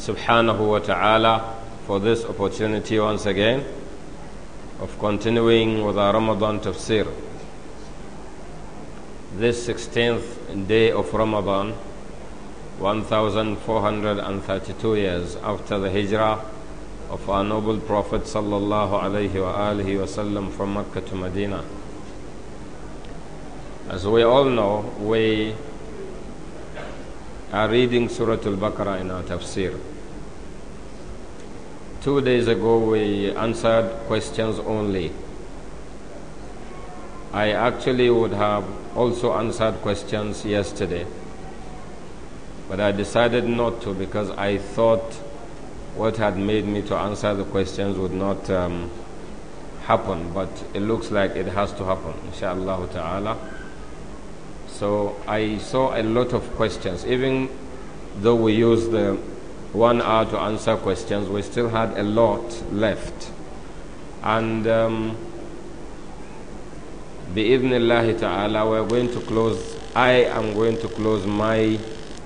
subhanahu wa ta'ala for this opportunity once again of continuing with our Ramadan tafsir. This 16th day of Ramadan, 1432 years after the hijrah of our noble Prophet sallallahu alaihi wa alihi wasallam from Mecca to Medina. As we all know, we are reading Surah Al-Baqarah in our tafsir. Two days ago, we answered questions only. I actually would have also answered questions yesterday, but I decided not to because I thought what had made me to answer the questions would not um, happen, but it looks like it has to happen, inshallah ta'ala. So I saw a lot of questions, even though we use the one hour to answer questions. We still had a lot left. And um, bi'idhnillahi ta'ala, we're going to close, I am going to close my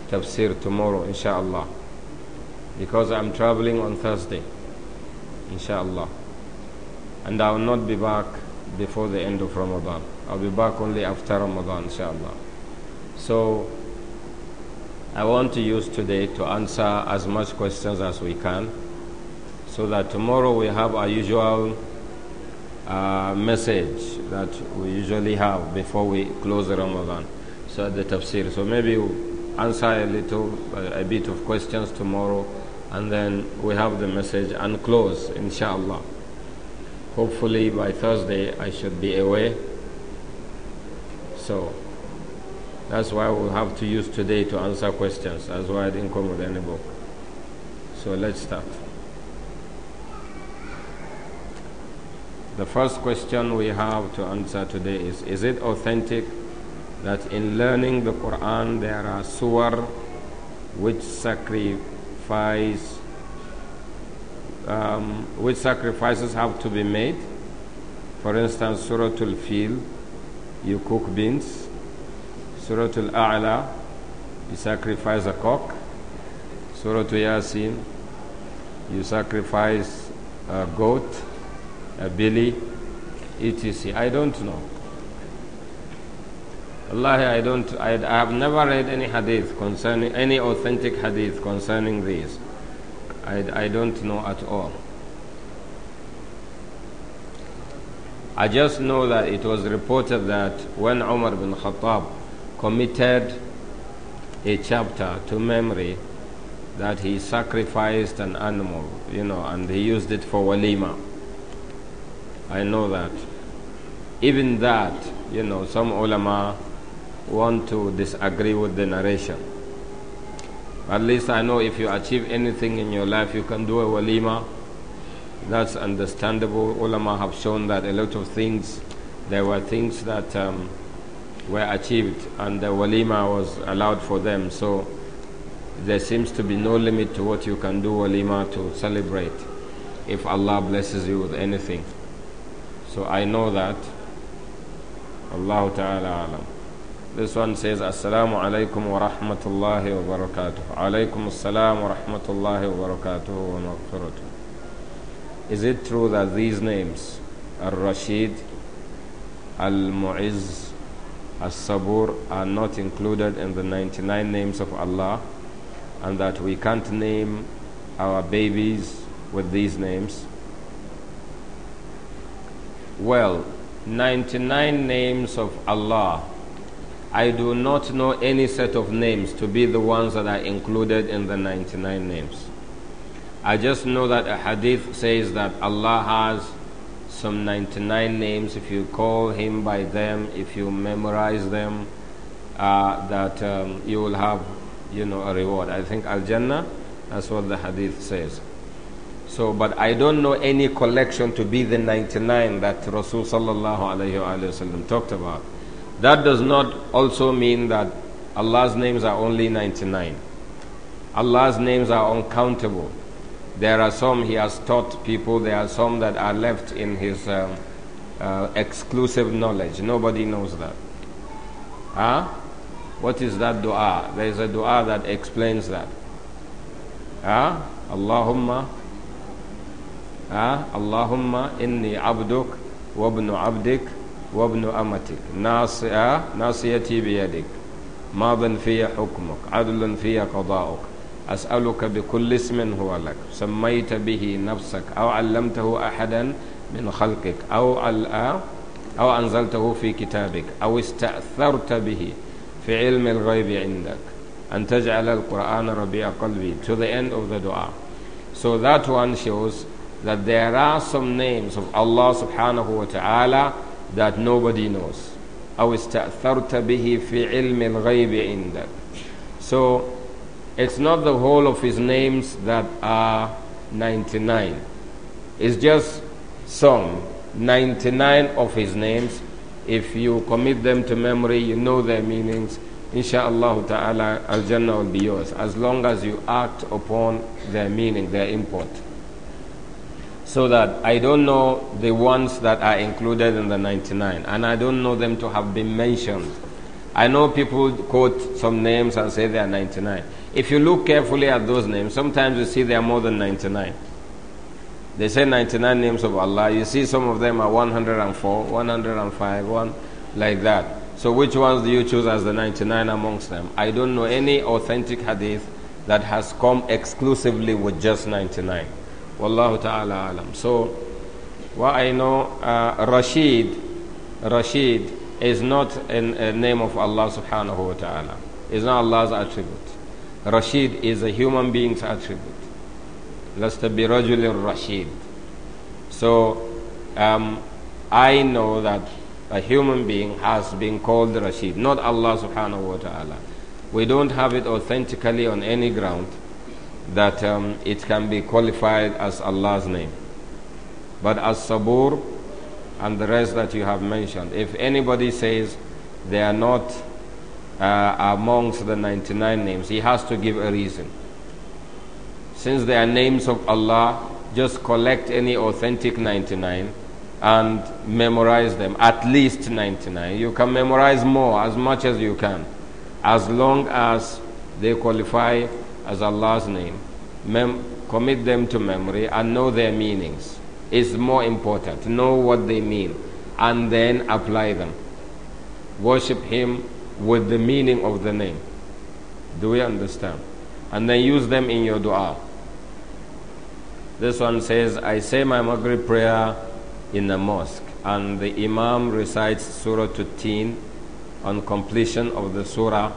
tafsir tomorrow, inshallah. Because I'm traveling on Thursday, inshallah. And I will not be back before the end of Ramadan. I'll be back only after Ramadan, inshallah. So, I want to use today to answer as much questions as we can so that tomorrow we have our usual uh, message that we usually have before we close Ramadan. So the tafsir. So maybe you answer a little, a bit of questions tomorrow and then we have the message and close inshallah. Hopefully by Thursday I should be away. So. That's why we'll have to use today to answer questions. That's why I didn't come with any book. So let's start. The first question we have to answer today is Is it authentic that in learning the Quran there are suwar which sacrifice um, which sacrifices have to be made? For instance, Surah Al-Fil, you cook beans, Surah Al-A'la, you sacrifice a cock. Surah Yasin, you sacrifice a goat, a billy, etc. I don't know. Allah, I don't, I, I have never read any hadith concerning, any authentic hadith concerning this. I, I don't know at all. I just know that it was reported that when Umar bin Khattab committed a chapter to memory that he sacrificed an animal, you know, and he used it for walima. I know that. Even that, you know, some ulama want to disagree with the narration. At least I know if you achieve anything in your life, you can do a walima. That's understandable. Ulama have shown that a lot of things, there were things that um, were achieved and the walima was allowed for them. So there seems to be no limit to what you can do walima to celebrate if Allah blesses you with anything. So I know that. Allah Ta'ala alam. This one says, Assalamu alaikum wa rahmatullahi wa barakatuh. Alaikum assalam wa rahmatullahi wa barakatuh wa maghfiratuh. Is it true that these names, Al-Rashid, Al-Mu'izz, as-sabur are not included in the 99 names of Allah and that we can't name our babies with these names? Well, 99 names of Allah. I do not know any set of names to be the ones that are included in the 99 names. I just know that a hadith says that Allah has some 99 names if you call him by them if you memorize them uh, that um, you will have you know a reward i think al jannah that's what the hadith says so but i don't know any collection to be the 99 that rasul sallallahu alaihi wasallam talked about that does not also mean that allah's names are only 99 allah's names are uncountable there are some he has taught people, there are some that are left in his um, uh, exclusive knowledge. Nobody knows that. Huh? What is that dua? There is a dua that explains that. Huh? Allahumma. Huh? Allahumma inni abduk wabnu abdik وابن أمتك nasiyati بيدك ماض fiya حكمك عدل fiya قضاؤك أسألك بكل اسم هو لك سميت به نفسك أو علمته أحدا من خلقك أو أو أنزلته في كتابك أو استأثرت به في علم الغيب عندك أن تجعل القرآن ربيع قلبي to the end of the dua so that one shows that there are some names of Allah سبحانه وتعالى that nobody knows أو استأثرت به في علم الغيب عندك so It's not the whole of his names that are 99. It's just some 99 of his names. If you commit them to memory, you know their meanings. Insha'Allah ta'ala, Al Jannah will be yours as long as you act upon their meaning, their import. So that I don't know the ones that are included in the 99, and I don't know them to have been mentioned. I know people quote some names and say they are 99. If you look carefully at those names, sometimes you see there are more than 99. They say 99 names of Allah. You see some of them are 104, 105, one like that. So which ones do you choose as the 99 amongst them? I don't know any authentic hadith that has come exclusively with just 99. Wallahu ta'ala alam. So what I know, uh, Rashid, Rashid is not an, a name of Allah subhanahu wa ta'ala. It's not Allah's attribute. Rashid is a human being's attribute. Lasta Rashid. So um, I know that a human being has been called Rashid, not Allah subhanahu wa ta'ala. We don't have it authentically on any ground that um, it can be qualified as Allah's name. But as Sabur and the rest that you have mentioned, if anybody says they are not uh, amongst the 99 names. He has to give a reason. Since they are names of Allah, just collect any authentic 99 and memorize them, at least 99. You can memorize more, as much as you can, as long as they qualify as Allah's name. Mem- commit them to memory and know their meanings. It's more important. Know what they mean and then apply them. Worship Him with the meaning of the name. Do we understand? And then use them in your dua. This one says, I say my Maghrib prayer in the mosque, and the Imam recites Surah Tutin on completion of the Surah.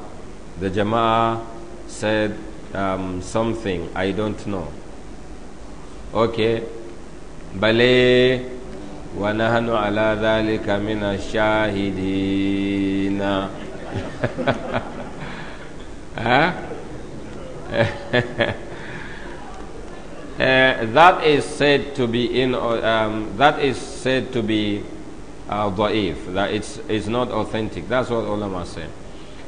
The Jama'ah said um, something, I don't know. Okay. Bale ونحن على ذلك من الشاهدين Uh, that is said to be in uh, um, that is said to be uh, da'if, that it's, it's not authentic. That's what ulama say.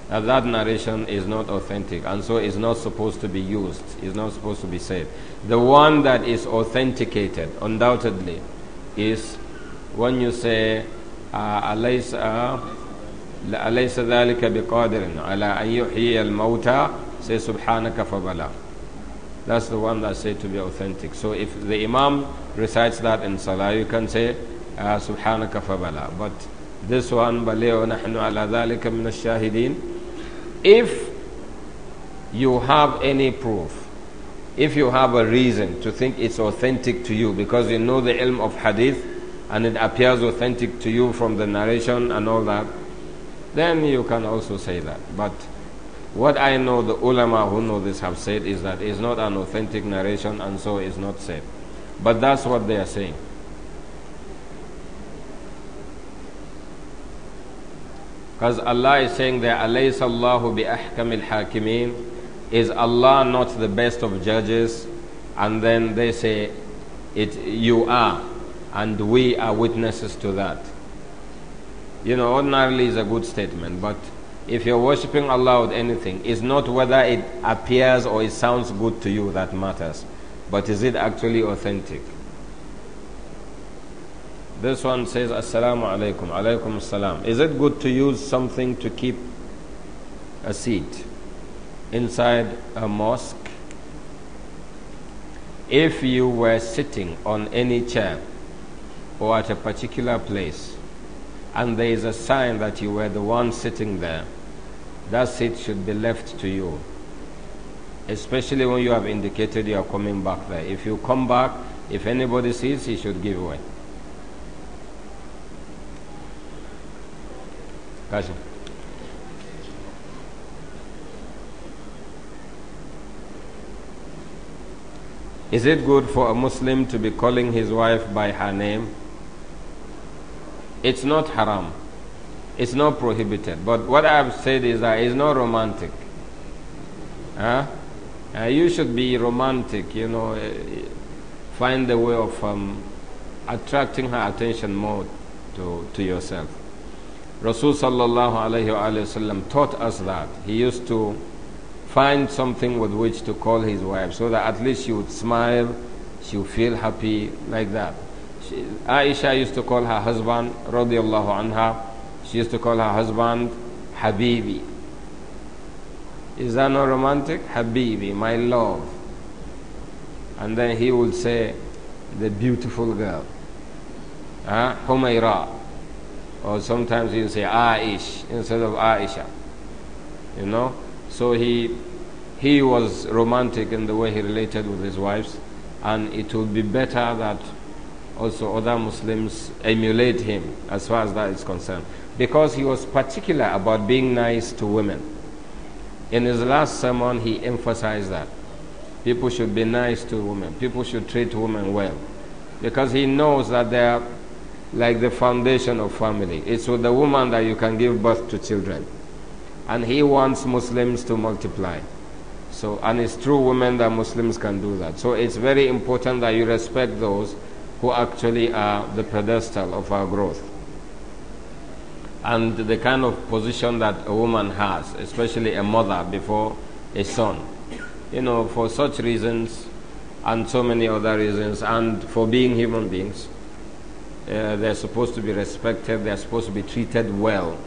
That, uh, that narration is not authentic and so it's not supposed to be used, it's not supposed to be said. The one that is authenticated, undoubtedly, is when you say, uh, alaysa, لأليس ذلك بقادر على أن يحيي الموتى say سبحانك فبلا that's the one that said to be authentic so if the imam recites that in salah you can say uh, سبحانك فبلا but this one بلي ونحن على ذلك من الشاهدين if you have any proof if you have a reason to think it's authentic to you because you know the ilm of hadith and it appears authentic to you from the narration and all that then you can also say that. But what I know the ulama who know this have said is that it's not an authentic narration and so it's not said. But that's what they are saying. Because Allah is saying there, أَلَيْسَ اللَّهُ بِأَحْكَمِ الْحَاكِمِينَ Is Allah not the best of judges? And then they say, it, you are, and we are witnesses to that you know, ordinarily is a good statement, but if you're worshipping Allah with anything, it's not whether it appears or it sounds good to you that matters, but is it actually authentic? This one says, Assalamu alaikum, alaikum assalam. Is it good to use something to keep a seat inside a mosque? If you were sitting on any chair or at a particular place, and there is a sign that you were the one sitting there, that seat should be left to you. Especially when you have indicated you are coming back there. If you come back, if anybody sees, he should give way. Gotcha. Is it good for a Muslim to be calling his wife by her name? It's not haram. It's not prohibited. But what I've said is that it's not romantic. Huh? Uh, you should be romantic, you know, uh, find a way of um, attracting her attention more to, to yourself. Rasul sallallahu alayhi wa, sallam, taught us that. He used to find something with which to call his wife so that at least she would smile, she would feel happy, like that. She, Aisha used to call her husband, radiallahu anha, she used to call her husband Habibi. Is that not romantic? Habibi, my love. And then he would say, the beautiful girl. Huh? Humaira. Or sometimes he would say Aish instead of Aisha. You know? So he he was romantic in the way he related with his wives, and it would be better that also other Muslims emulate him as far as that is concerned. Because he was particular about being nice to women. In his last sermon, he emphasized that people should be nice to women, people should treat women well. Because he knows that they are like the foundation of family. It's with the woman that you can give birth to children. And he wants Muslims to multiply. So, and it's through women that Muslims can do that. So, it's very important that you respect those who actually are the pedestal of our growth. And the kind of position that a woman has, especially a mother before a son. You know, for such reasons and so many other reasons, and for being human beings, uh, they're supposed to be respected, they're supposed to be treated well.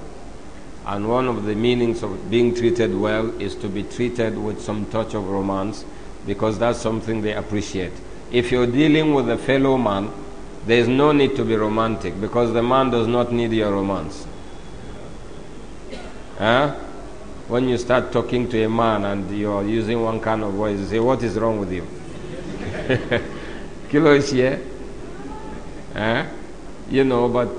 And one of the meanings of being treated well is to be treated with some touch of romance because that's something they appreciate if you're dealing with a fellow man, there is no need to be romantic because the man does not need your romance. Huh? When you start talking to a man and you're using one kind of voice, you say, What is wrong with you? Kilo is here. Huh? You know, but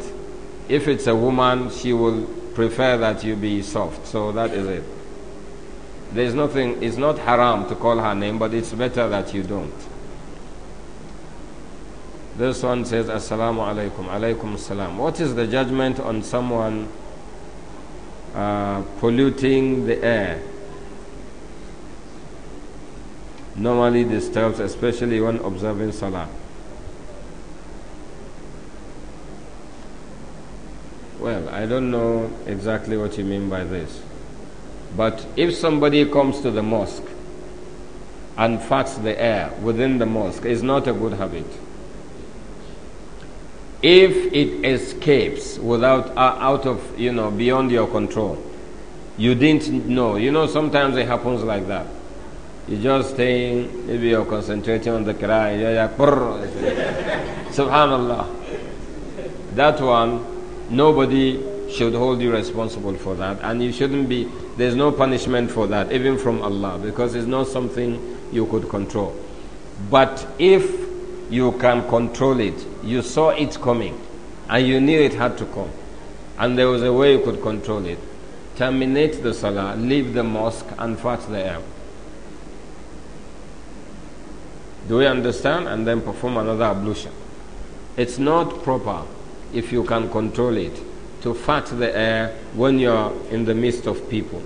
if it's a woman, she will prefer that you be soft. So that is it. There's nothing, it's not haram to call her name, but it's better that you don't. This one says, Assalamu alaikum, alaikum salam." What is the judgment on someone uh, polluting the air? Normally disturbs, especially when observing salah. Well, I don't know exactly what you mean by this. But if somebody comes to the mosque and farts the air within the mosque, is not a good habit if it escapes without uh, out of you know beyond your control you didn't know you know sometimes it happens like that you just staying maybe you're concentrating on the cry subhanallah that one nobody should hold you responsible for that and you shouldn't be there's no punishment for that even from allah because it's not something you could control but if you can control it you saw it coming and you knew it had to come and there was a way you could control it. Terminate the salah, leave the mosque and fast the air. Do we understand? And then perform another ablution. It's not proper if you can control it to fat the air when you're in the midst of people.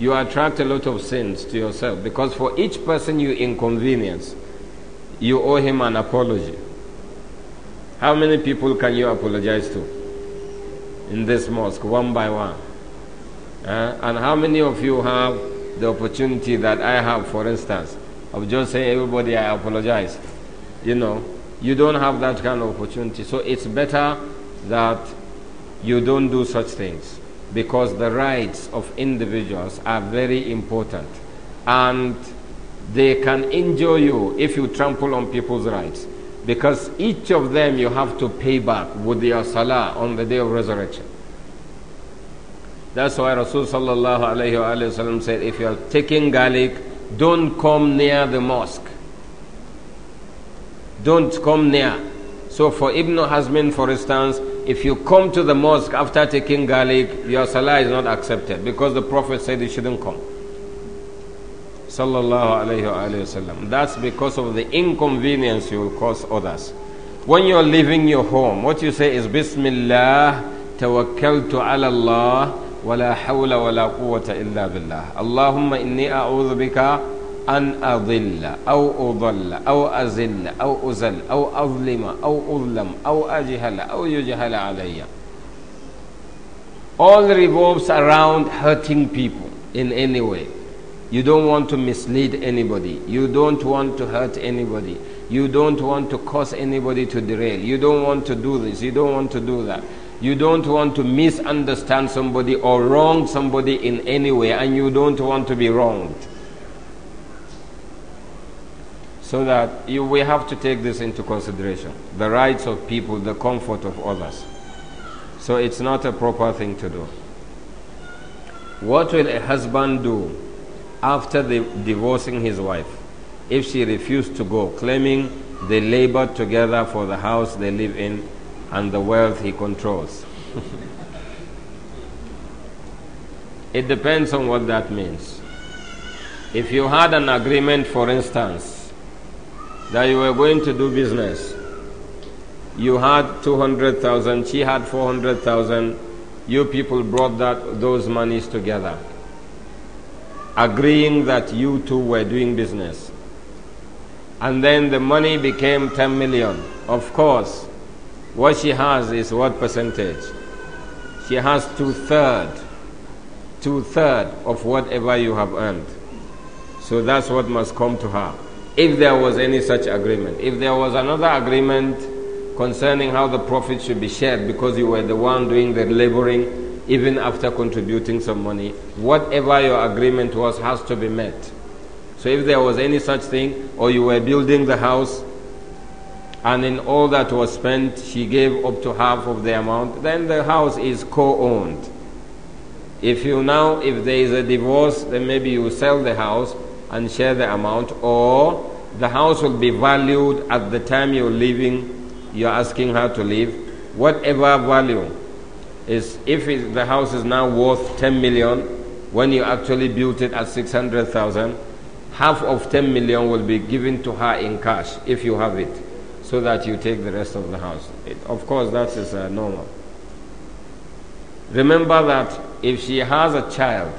You attract a lot of sins to yourself because for each person you inconvenience, you owe him an apology. How many people can you apologize to in this mosque, one by one? Uh, and how many of you have the opportunity that I have, for instance, of just saying, everybody, I apologize? You know, you don't have that kind of opportunity. So it's better that you don't do such things because the rights of individuals are very important and they can injure you if you trample on people's rights. Because each of them you have to pay back with your salah on the day of resurrection. That's why Rasul sallallahu alayhi wa, said, if you are taking garlic, don't come near the mosque. Don't come near. So for Ibn Hazmin, for instance, if you come to the mosque after taking garlic, your salah is not accepted because the Prophet said you shouldn't come. Sallallahu alayhi wa, alayhi sallam. That's because of the inconvenience you will cause others. When you're leaving your home, what you say is Bismillah, Tawakkaltu ala Allah, Wala Hawla Wala Quwwata Illa Billah. Allahumma inni a'udhu bika an أضل أو أضل أو azilla, أو أزل أو أظلم أو أظلم أو أجهل أو يجهل alayya. All revolves around hurting people in any way. You don't want to mislead anybody. You don't want to hurt anybody. You don't want to cause anybody to derail. You don't want to do this. You don't want to do that. You don't want to misunderstand somebody or wrong somebody in any way, and you don't want to be wronged. So that you, we have to take this into consideration the rights of people, the comfort of others. So it's not a proper thing to do. What will a husband do after divorcing his wife if she refused to go, claiming they labored together for the house they live in and the wealth he controls. it depends on what that means. If you had an agreement, for instance, that you were going to do business, you had 200,000, she had 400,000, you people brought that, those monies together agreeing that you two were doing business. And then the money became 10 million. Of course, what she has is what percentage? She has two third, two third of whatever you have earned. So that's what must come to her. If there was any such agreement, if there was another agreement concerning how the profit should be shared because you were the one doing the laboring, even after contributing some money. Whatever your agreement was has to be met. So if there was any such thing, or you were building the house, and in all that was spent, she gave up to half of the amount, then the house is co owned. If you now, if there is a divorce, then maybe you sell the house and share the amount, or the house will be valued at the time you're leaving, you're asking her to leave, whatever value is if it, the house is now worth 10 million when you actually built it at 600,000 half of 10 million will be given to her in cash if you have it so that you take the rest of the house it, of course that is uh, normal remember that if she has a child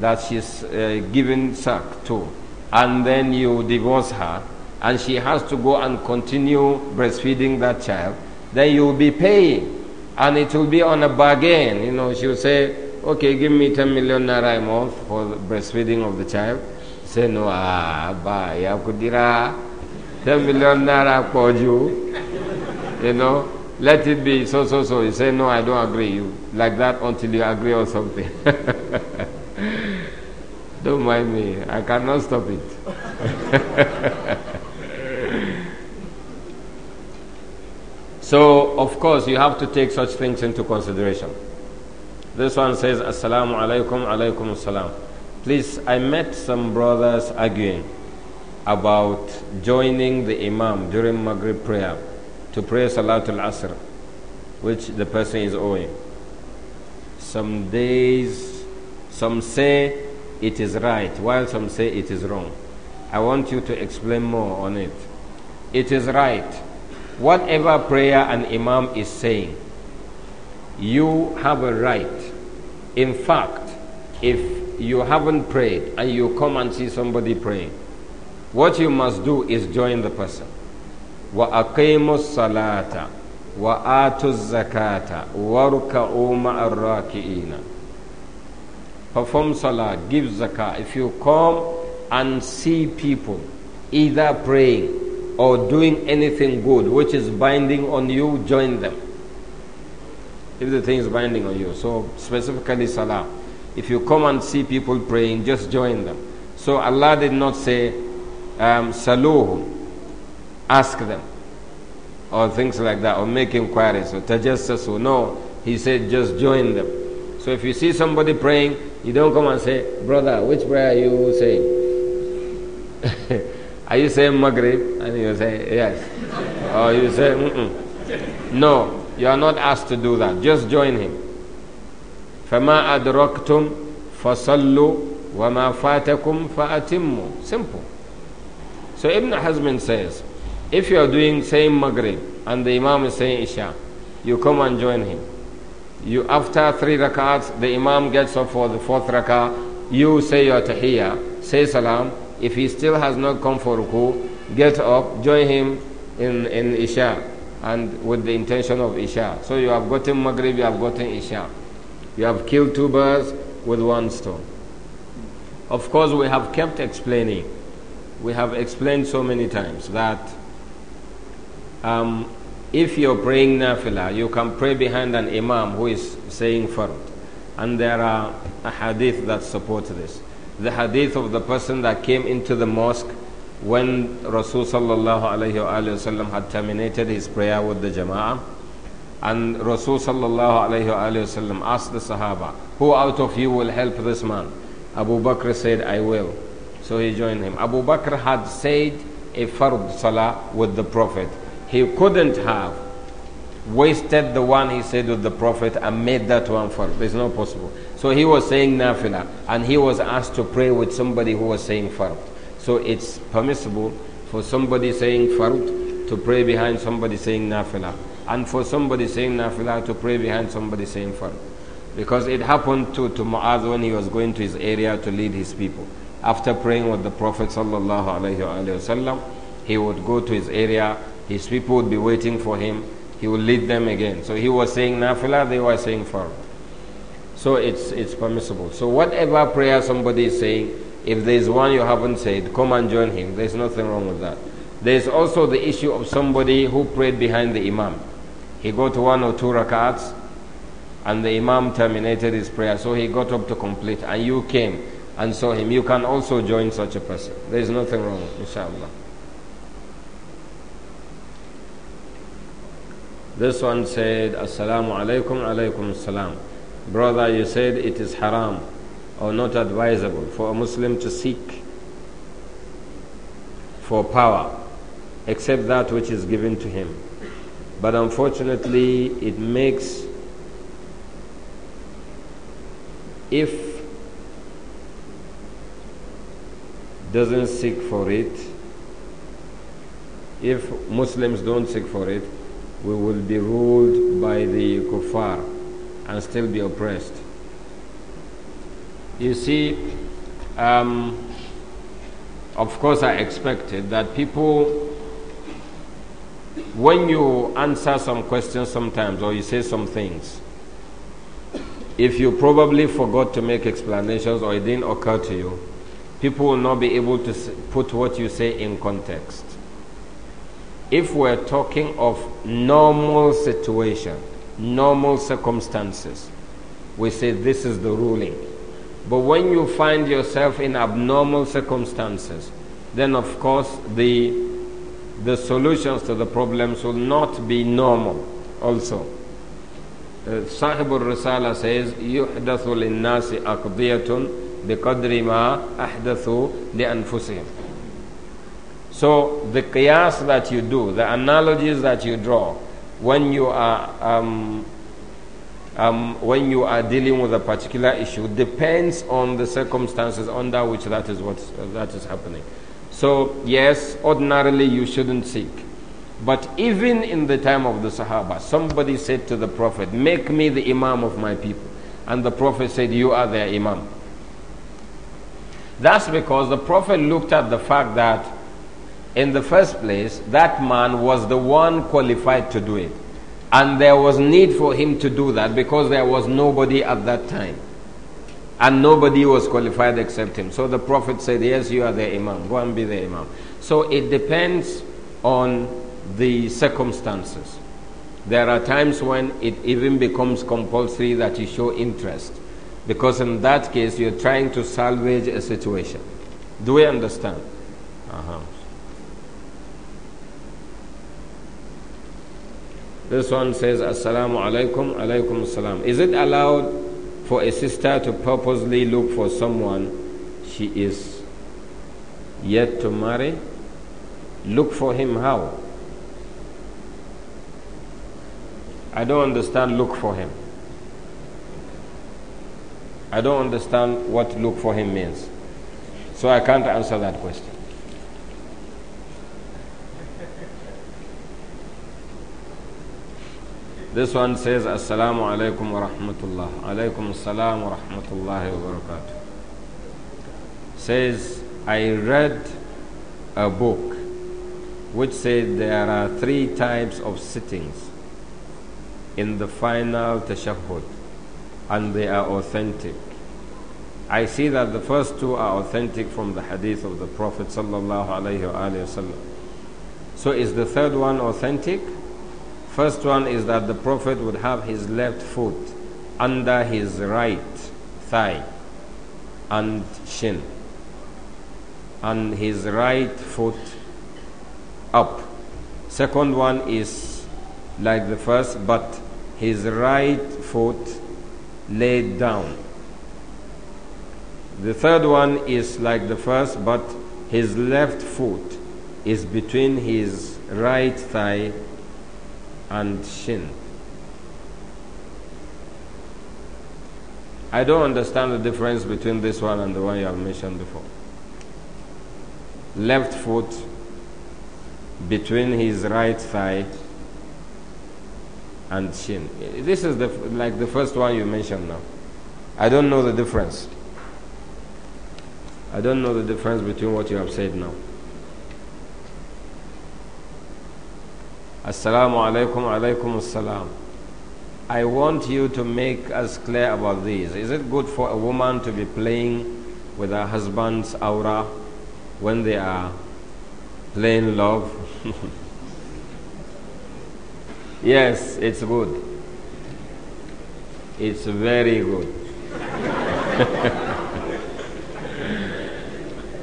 that she's uh, given suck to and then you divorce her and she has to go and continue breastfeeding that child then you will be paying and it will be on a bargain. You know, she'll say, okay, give me 10 million naira a month for breastfeeding of the child. Say, no, ah, ba, ya 10 million naira for you. You know, let it be so, so, so. You say, no, I don't agree. You like that until you agree on something. don't mind me. I cannot stop it. So, of course, you have to take such things into consideration. This one says, Assalamu alaikum, alaikum assalam. Please, I met some brothers arguing about joining the Imam during Maghrib prayer to pray Salatul Asr, which the person is owing. Some days, some say it is right, while some say it is wrong. I want you to explain more on it. It is right whatever prayer an imam is saying, you have a right. In fact, if you haven't prayed and you come and see somebody praying, what you must do is join the person. وَأَقِيمُوا الصَّلَاةَ وَآتُوا الزَّكَاةَ وَارْكَعُوا مَعَ الرَّاكِئِينَ Perform salah, give zakah. If you come and see people either praying or doing anything good which is binding on you, join them. If the thing is binding on you. So, specifically salah. If you come and see people praying, just join them. So, Allah did not say, um, saluhum, ask them, or things like that, or make inquiries, or tajassasu. No, He said, just join them. So, if you see somebody praying, you don't come and say, brother, which prayer are you saying? Are you saying Maghrib? And you say, yes. or you say, Mm-mm. no, you are not asked to do that. Just join him. فَمَا أَدْرَكْتُمْ فَصَلُّوا وَمَا فَاتَكُمْ فَأَتِمُّوا Simple. So Ibn Hazm says, if you are doing same Maghrib and the Imam is saying Isha, you come and join him. You after three rakats, the Imam gets up for the fourth rakah, you say your tahiyyah, say salam, if he still has not come for ruku, get up, join him in, in Isha and with the intention of Isha. So you have gotten Maghrib, you have gotten Isha. You have killed two birds with one stone. Of course, we have kept explaining. We have explained so many times that um, if you're praying nafilah, you can pray behind an imam who is saying fard. And there are a hadith that support this the hadith of the person that came into the mosque when Rasulullah sallallahu had terminated his prayer with the jama'ah and Rasulullah sallallahu asked the Sahaba, who out of you will help this man? Abu Bakr said, I will. So he joined him. Abu Bakr had said a fard salah with the Prophet. He couldn't have wasted the one he said with the Prophet and made that one for It's not possible. So he was saying nafila and he was asked to pray with somebody who was saying farud. So it's permissible for somebody saying farud to pray behind somebody saying nafila and for somebody saying nafila to pray behind somebody saying farud, Because it happened to, to Mu'adh when he was going to his area to lead his people. After praying with the Prophet sallallahu alaihi wasallam, he would go to his area, his people would be waiting for him he will lead them again. So he was saying nafila. they were saying farm. So it's, it's permissible. So whatever prayer somebody is saying, if there's one you haven't said, come and join him. There's nothing wrong with that. There's also the issue of somebody who prayed behind the imam. He got one or two rakats and the imam terminated his prayer. So he got up to complete and you came and saw him. You can also join such a person. There's nothing wrong, inshallah. This one said, Assalamu alaikum, alaikum salam, Brother, you said it is haram or not advisable for a Muslim to seek for power except that which is given to him. But unfortunately, it makes, if doesn't seek for it, if Muslims don't seek for it, we will be ruled by the kuffar and still be oppressed. You see, um, of course, I expected that people, when you answer some questions sometimes or you say some things, if you probably forgot to make explanations or it didn't occur to you, people will not be able to put what you say in context if we're talking of normal situation, normal circumstances, we say this is the ruling. But when you find yourself in abnormal circumstances, then of course the, the solutions to the problems will not be normal also. صاحب uh, الرسالة says يحدث للناس أقضية بقدر ما أحدثوا لأنفسهم so the qiyas that you do, the analogies that you draw, when you are um, um, when you are dealing with a particular issue, depends on the circumstances under which that is what uh, that is happening. So yes, ordinarily you shouldn't seek, but even in the time of the Sahaba, somebody said to the Prophet, "Make me the Imam of my people," and the Prophet said, "You are their Imam." That's because the Prophet looked at the fact that in the first place, that man was the one qualified to do it. And there was need for him to do that because there was nobody at that time. And nobody was qualified except him. So the Prophet said, Yes, you are the Imam. Go and be the Imam. So it depends on the circumstances. There are times when it even becomes compulsory that you show interest. Because in that case, you're trying to salvage a situation. Do we understand? Uh-huh. This one says, Assalamu alaikum, alaikum salam." Is it allowed for a sister to purposely look for someone she is yet to marry? Look for him how? I don't understand look for him. I don't understand what look for him means. So I can't answer that question. This one says, Assalamu alaikum wa rahmatullah. Alaikum assalam wa rahmatullahi wa barakatuh. Says, I read a book which said there are three types of sittings in the final tashahhud and they are authentic. I see that the first two are authentic from the hadith of the Prophet sallallahu alayhi wa sallam. So is the third one authentic? First one is that the Prophet would have his left foot under his right thigh and shin, and his right foot up. Second one is like the first, but his right foot laid down. The third one is like the first, but his left foot is between his right thigh and shin. I don't understand the difference between this one and the one you have mentioned before. Left foot between his right thigh and shin. This is the, like the first one you mentioned now. I don't know the difference. I don't know the difference between what you have said now. Assalamu alaikum, alaikum assalam. I want you to make us clear about this. Is it good for a woman to be playing with her husband's aura when they are playing love? yes, it's good. It's very good.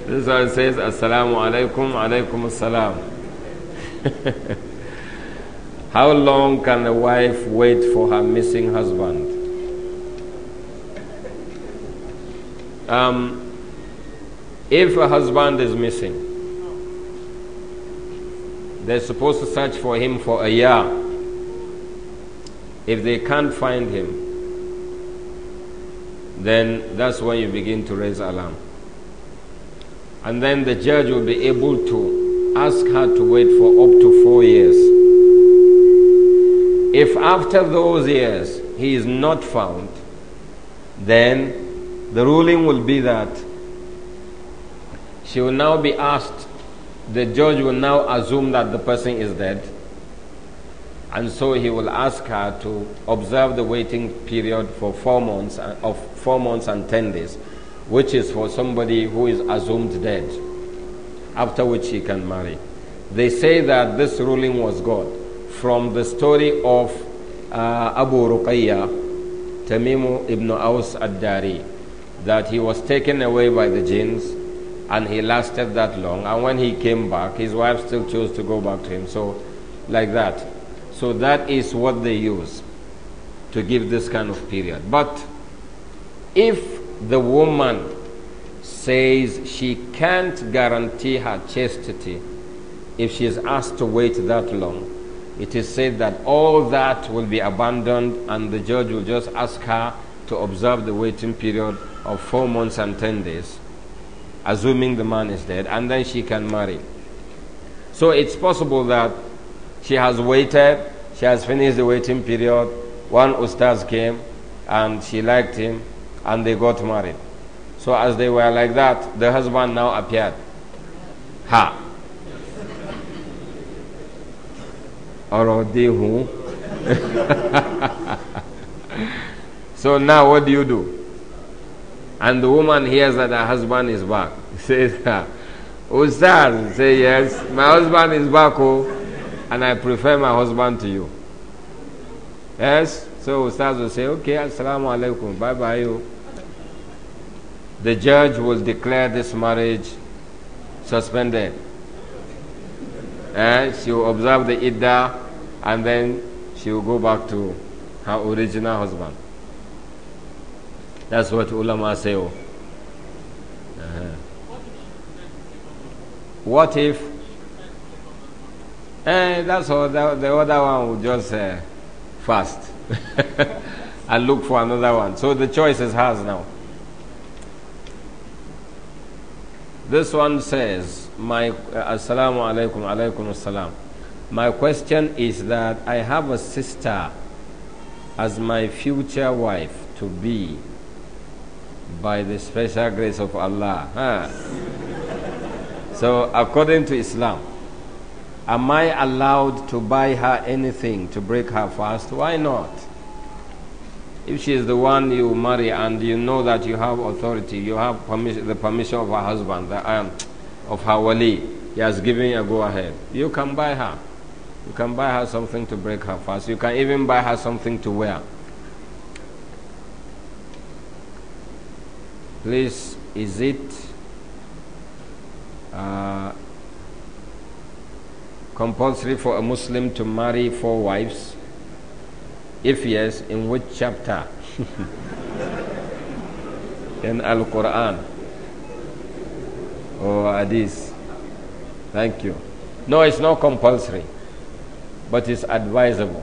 this one says, Assalamu alaikum, alaikum assalam. How long can a wife wait for her missing husband? Um, if a husband is missing, they're supposed to search for him for a year. If they can't find him, then that's when you begin to raise alarm. And then the judge will be able to ask her to wait for up to four years. If after those years he is not found, then the ruling will be that she will now be asked, the judge will now assume that the person is dead. And so he will ask her to observe the waiting period for four months uh, of four months and ten days, which is for somebody who is assumed dead, after which he can marry. They say that this ruling was God from the story of uh, Abu Ruqayya, Tamimu ibn Aus ad-Dari, that he was taken away by the jinns and he lasted that long. And when he came back, his wife still chose to go back to him. So, like that. So, that is what they use to give this kind of period. But if the woman says she can't guarantee her chastity if she is asked to wait that long, it is said that all that will be abandoned and the judge will just ask her to observe the waiting period of four months and ten days, assuming the man is dead, and then she can marry. So it's possible that she has waited, she has finished the waiting period, one ustaz came and she liked him and they got married. So as they were like that, the husband now appeared. Ha! औरदे who? so now what do you do? And the woman hears that her husband is back. Says, Ustaz, say yes, my husband is back oh, and I prefer my husband to you. Yes? So Ustaz will say, okay, assalamu alaikum, bye bye oh. The judge will declare this marriage suspended eh, she will observe the iddah and then she will go back to her original husband. That's what ulama say. Oh. Uh -huh. What if? Eh, that's all. The, the other one will just uh, fast and look for another one. So the choice is hers now. This one says, my, uh, Assalamu alaikum, alaikum assalam. My question is that I have a sister as my future wife to be by the special grace of Allah. Huh? so, according to Islam, am I allowed to buy her anything to break her fast? Why not? If she is the one you marry and you know that you have authority, you have permission, the permission of her husband, the, um, of her wali, he has given you a go ahead, you can buy her. You can buy her something to break her fast. You can even buy her something to wear. Please, is it uh, compulsory for a Muslim to marry four wives? If yes, in which chapter? in Al Quran or Hadith? Thank you. No, it's not compulsory, but it's advisable.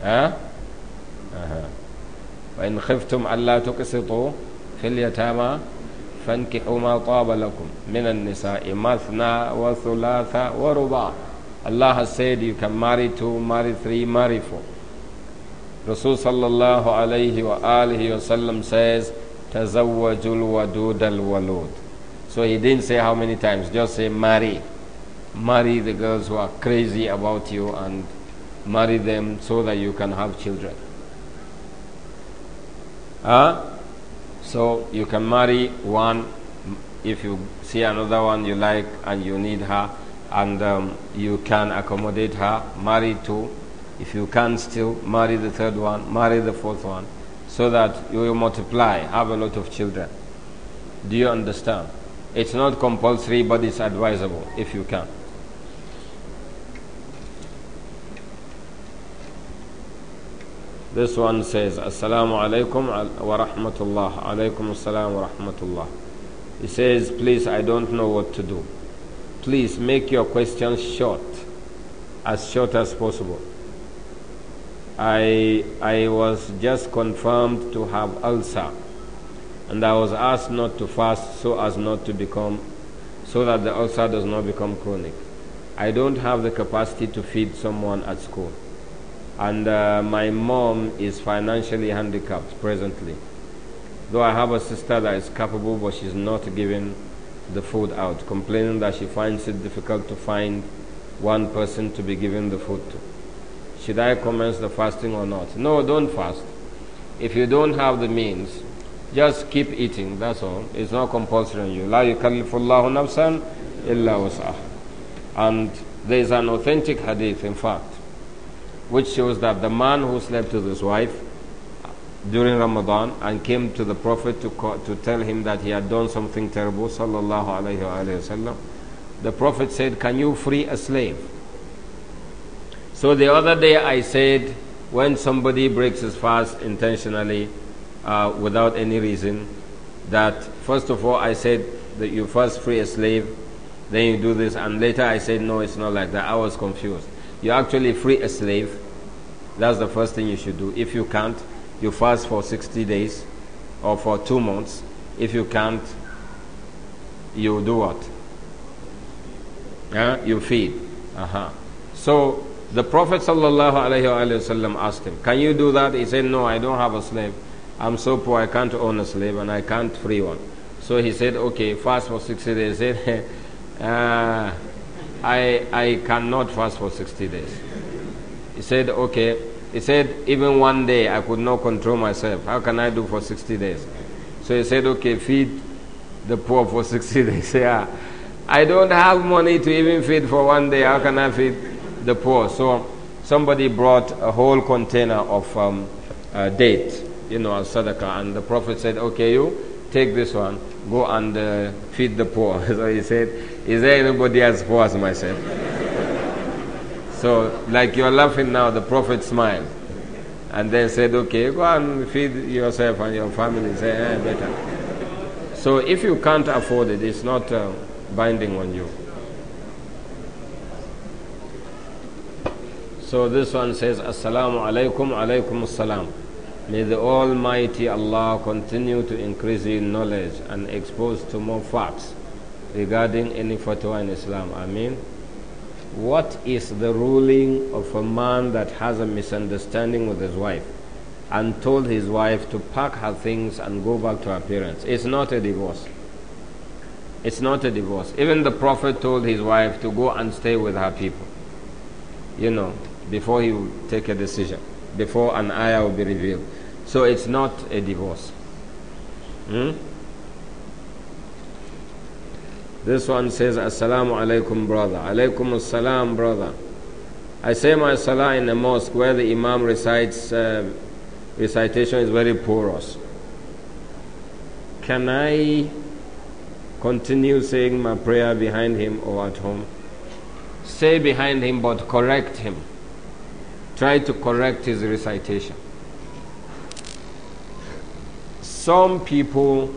Huh? Uh-huh. وإن خفتم ألا تقسطوا في اليتامى فانكحوا ما طاب لكم من النساء مثنى وثلاث ورباع Allah has said you can marry two, marry three, marry four. Rasul sallallahu alayhi wa alihi wasallam says, Tazawwajul wadud al walud. So he didn't say how many times, just say marry. Marry the girls who are crazy about you and marry them so that you can have children. Huh? So you can marry one if you see another one you like and you need her and um, you can accommodate her, marry two. If you can still, marry the third one, marry the fourth one, so that you will multiply, have a lot of children. Do you understand? It's not compulsory, but it's advisable if you can. This one says, Assalamu alaikum wa rahmatullah. Alaikum assalam wa rahmatullah. He says, Please, I don't know what to do please make your questions short, as short as possible. I, I was just confirmed to have ulcer, and I was asked not to fast so as not to become, so that the ulcer does not become chronic. I don't have the capacity to feed someone at school, and uh, my mom is financially handicapped presently. Though I have a sister that is capable, but she's not given the food out, complaining that she finds it difficult to find one person to be given the food to. Should I commence the fasting or not? No, don't fast. If you don't have the means, just keep eating, that's all. It's not compulsory on you. La يكلف الله نفسا إلا And there is an authentic hadith, in fact, which shows that the man who slept with his wife during Ramadan and came to the Prophet to, call, to tell him that he had done something terrible, sallallahu alayhi wasallam. The Prophet said, Can you free a slave? So the other day I said, when somebody breaks his fast intentionally uh, without any reason, that first of all I said that you first free a slave, then you do this, and later I said, No, it's not like that. I was confused. You actually free a slave, that's the first thing you should do. If you can't, you fast for 60 days or for two months. If you can't, you do what? Yeah, you feed. Uh-huh. So the Prophet wasallam asked him, Can you do that? He said, No, I don't have a slave. I'm so poor, I can't own a slave and I can't free one. So he said, Okay, fast for 60 days. He said, uh, I, I cannot fast for 60 days. He said, Okay he said, even one day I could not control myself. How can I do for 60 days? So he said, okay, feed the poor for 60 days. yeah. I don't have money to even feed for one day. How can I feed the poor? So somebody brought a whole container of um, uh, date, you know, as sadaqah. And the Prophet said, okay, you take this one, go and uh, feed the poor. so he said, is there anybody as poor as myself? So, like you are laughing now, the Prophet smiled. And then said, okay, go and feed yourself and your family. Say, eh, better. So, if you can't afford it, it's not uh, binding on you. So, this one says, Assalamu alaikum, alaikum assalam. May the Almighty Allah continue to increase in knowledge and expose to more facts regarding any fatwa in Islam. Ameen. I what is the ruling of a man that has a misunderstanding with his wife and told his wife to pack her things and go back to her parents? It's not a divorce. It's not a divorce. Even the Prophet told his wife to go and stay with her people, you know, before he would take a decision, before an ayah will be revealed. So it's not a divorce. Hmm? This one says, Assalamu alaikum, brother. Alaikum assalam, brother. I say my salah in a mosque where the imam recites, uh, recitation is very porous. Can I continue saying my prayer behind him or at home? Say behind him, but correct him. Try to correct his recitation. Some people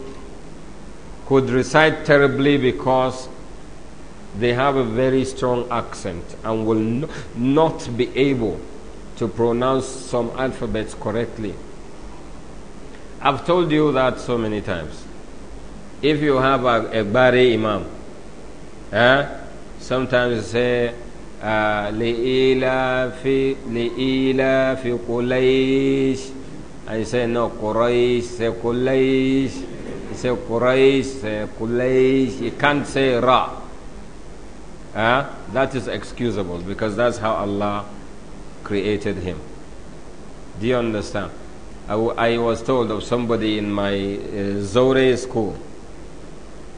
could recite terribly because they have a very strong accent and will not be able to pronounce some alphabets correctly. I've told you that so many times. If you have a, a Bari Imam, eh, sometimes say, لإيلاف ah, fi قليش I say no قريش say قليش say Quraysh, say Quraysh, you can't say Ra. Huh? That is excusable because that's how Allah created him. Do you understand? I, was told of somebody in my uh, Zore school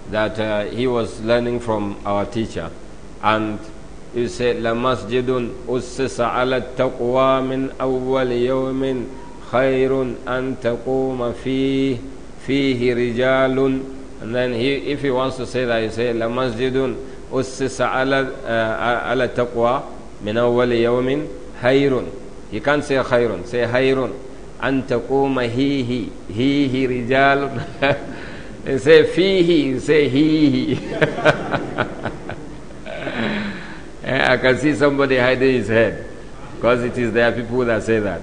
that uh, he was learning from our teacher and he said Masjidun أُسِّسَ عَلَى Taqwa Min أَوَّلِ يَوْمٍ خَيْرٌ An تَقُومَ فِيهِ فيه رجال and then he, if he wants to say that, he say لمسجد أسس على على التقوى من أول يوم خير. He can't say خير, say خير. أن تقوم هيه هيه رجال. he say فيه, he say هيه. I can see somebody hiding his head because it is there people that say that.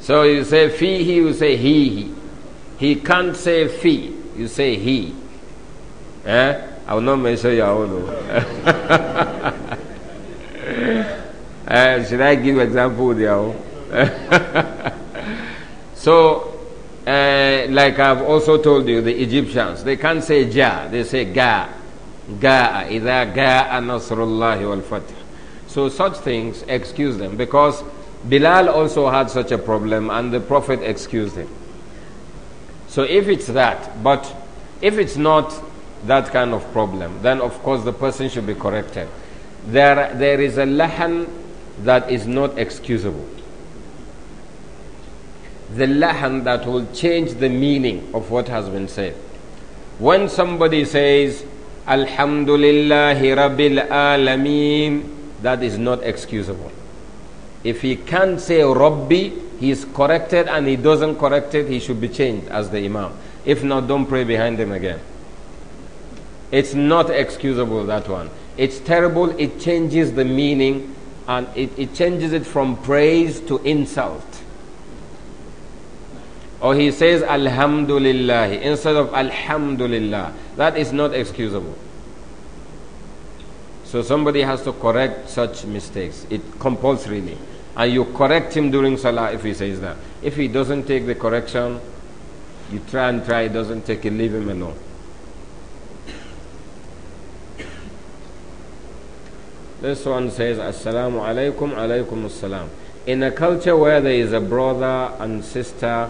so you say fihi, you say he. He can't say fee, you say he. Eh? I will not mention your own. uh, should I give example there? so, uh, like I've also told you, the Egyptians, they can't say ja, they say ga. Ga, idha ga anasrullahi wal fath. So such things, excuse them, because Bilal also had such a problem and the Prophet excused him. So if it's that, but if it's not that kind of problem, then of course the person should be corrected. There, there is a lahan that is not excusable. The lahan that will change the meaning of what has been said. When somebody says, Alhamdulillahi Rabbil Alameen, that is not excusable. If he can't say Rabbi, he is corrected and he doesn't correct it, he should be changed as the imam. If not, don't pray behind him again. It's not excusable, that one. It's terrible, it changes the meaning and it, it changes it from praise to insult. Or he says Alhamdulillah instead of Alhamdulillah. That is not excusable. So somebody has to correct such mistakes. It compulsorily and you correct him during salah if he says that. If he doesn't take the correction, you try and try, he doesn't take it, leave him alone. This one says, Assalamu alaikum, alaikum assalam. In a culture where there is a brother and sister,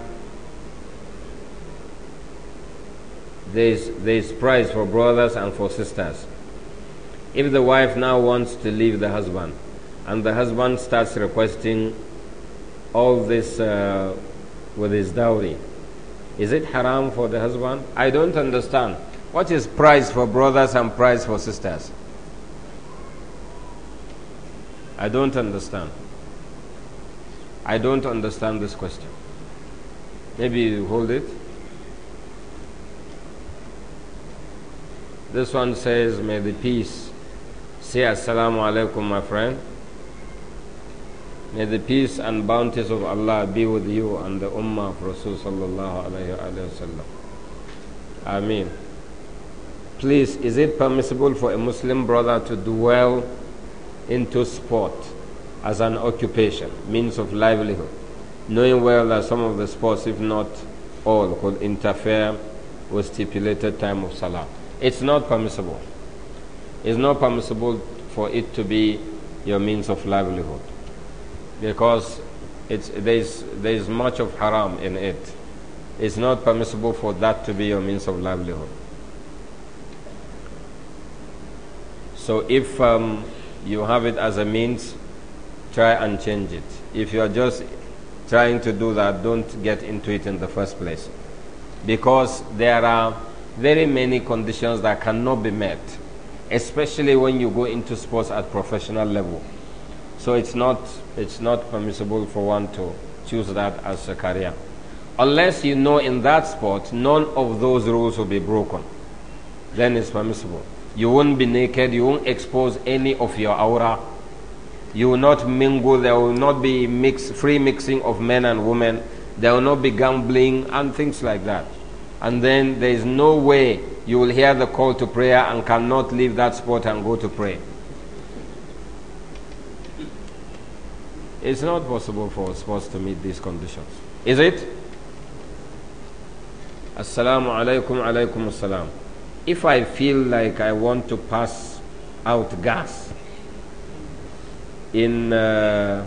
there is, there is prize for brothers and for sisters. If the wife now wants to leave the husband, and the husband starts requesting all this uh, with his dowry. Is it haram for the husband? I don't understand. What is price for brothers and price for sisters? I don't understand. I don't understand this question. Maybe you hold it. This one says, May the peace. Say, Assalamu alaikum, my friend. May the peace and bounties of Allah be with you and the Ummah of Rasul sallallahu alayhi sallam. Ameen. Please, is it permissible for a Muslim brother to dwell into sport as an occupation, means of livelihood, knowing well that some of the sports, if not all, could interfere with stipulated time of salah? It's not permissible. It's not permissible for it to be your means of livelihood because it's, there's, there's much of haram in it. It's not permissible for that to be your means of livelihood. So if um, you have it as a means, try and change it. If you are just trying to do that, don't get into it in the first place. Because there are very many conditions that cannot be met, especially when you go into sports at professional level so it's not, it's not permissible for one to choose that as a career. Unless you know in that spot none of those rules will be broken, then it's permissible. You won't be naked, you won't expose any of your aura. You will not mingle, there will not be mix, free mixing of men and women, there will not be gambling and things like that. And then there is no way you will hear the call to prayer and cannot leave that spot and go to pray. it's not possible for sports to meet these conditions. Is it? Assalamu alaikum alaikum assalam. If I feel like I want to pass out gas in uh,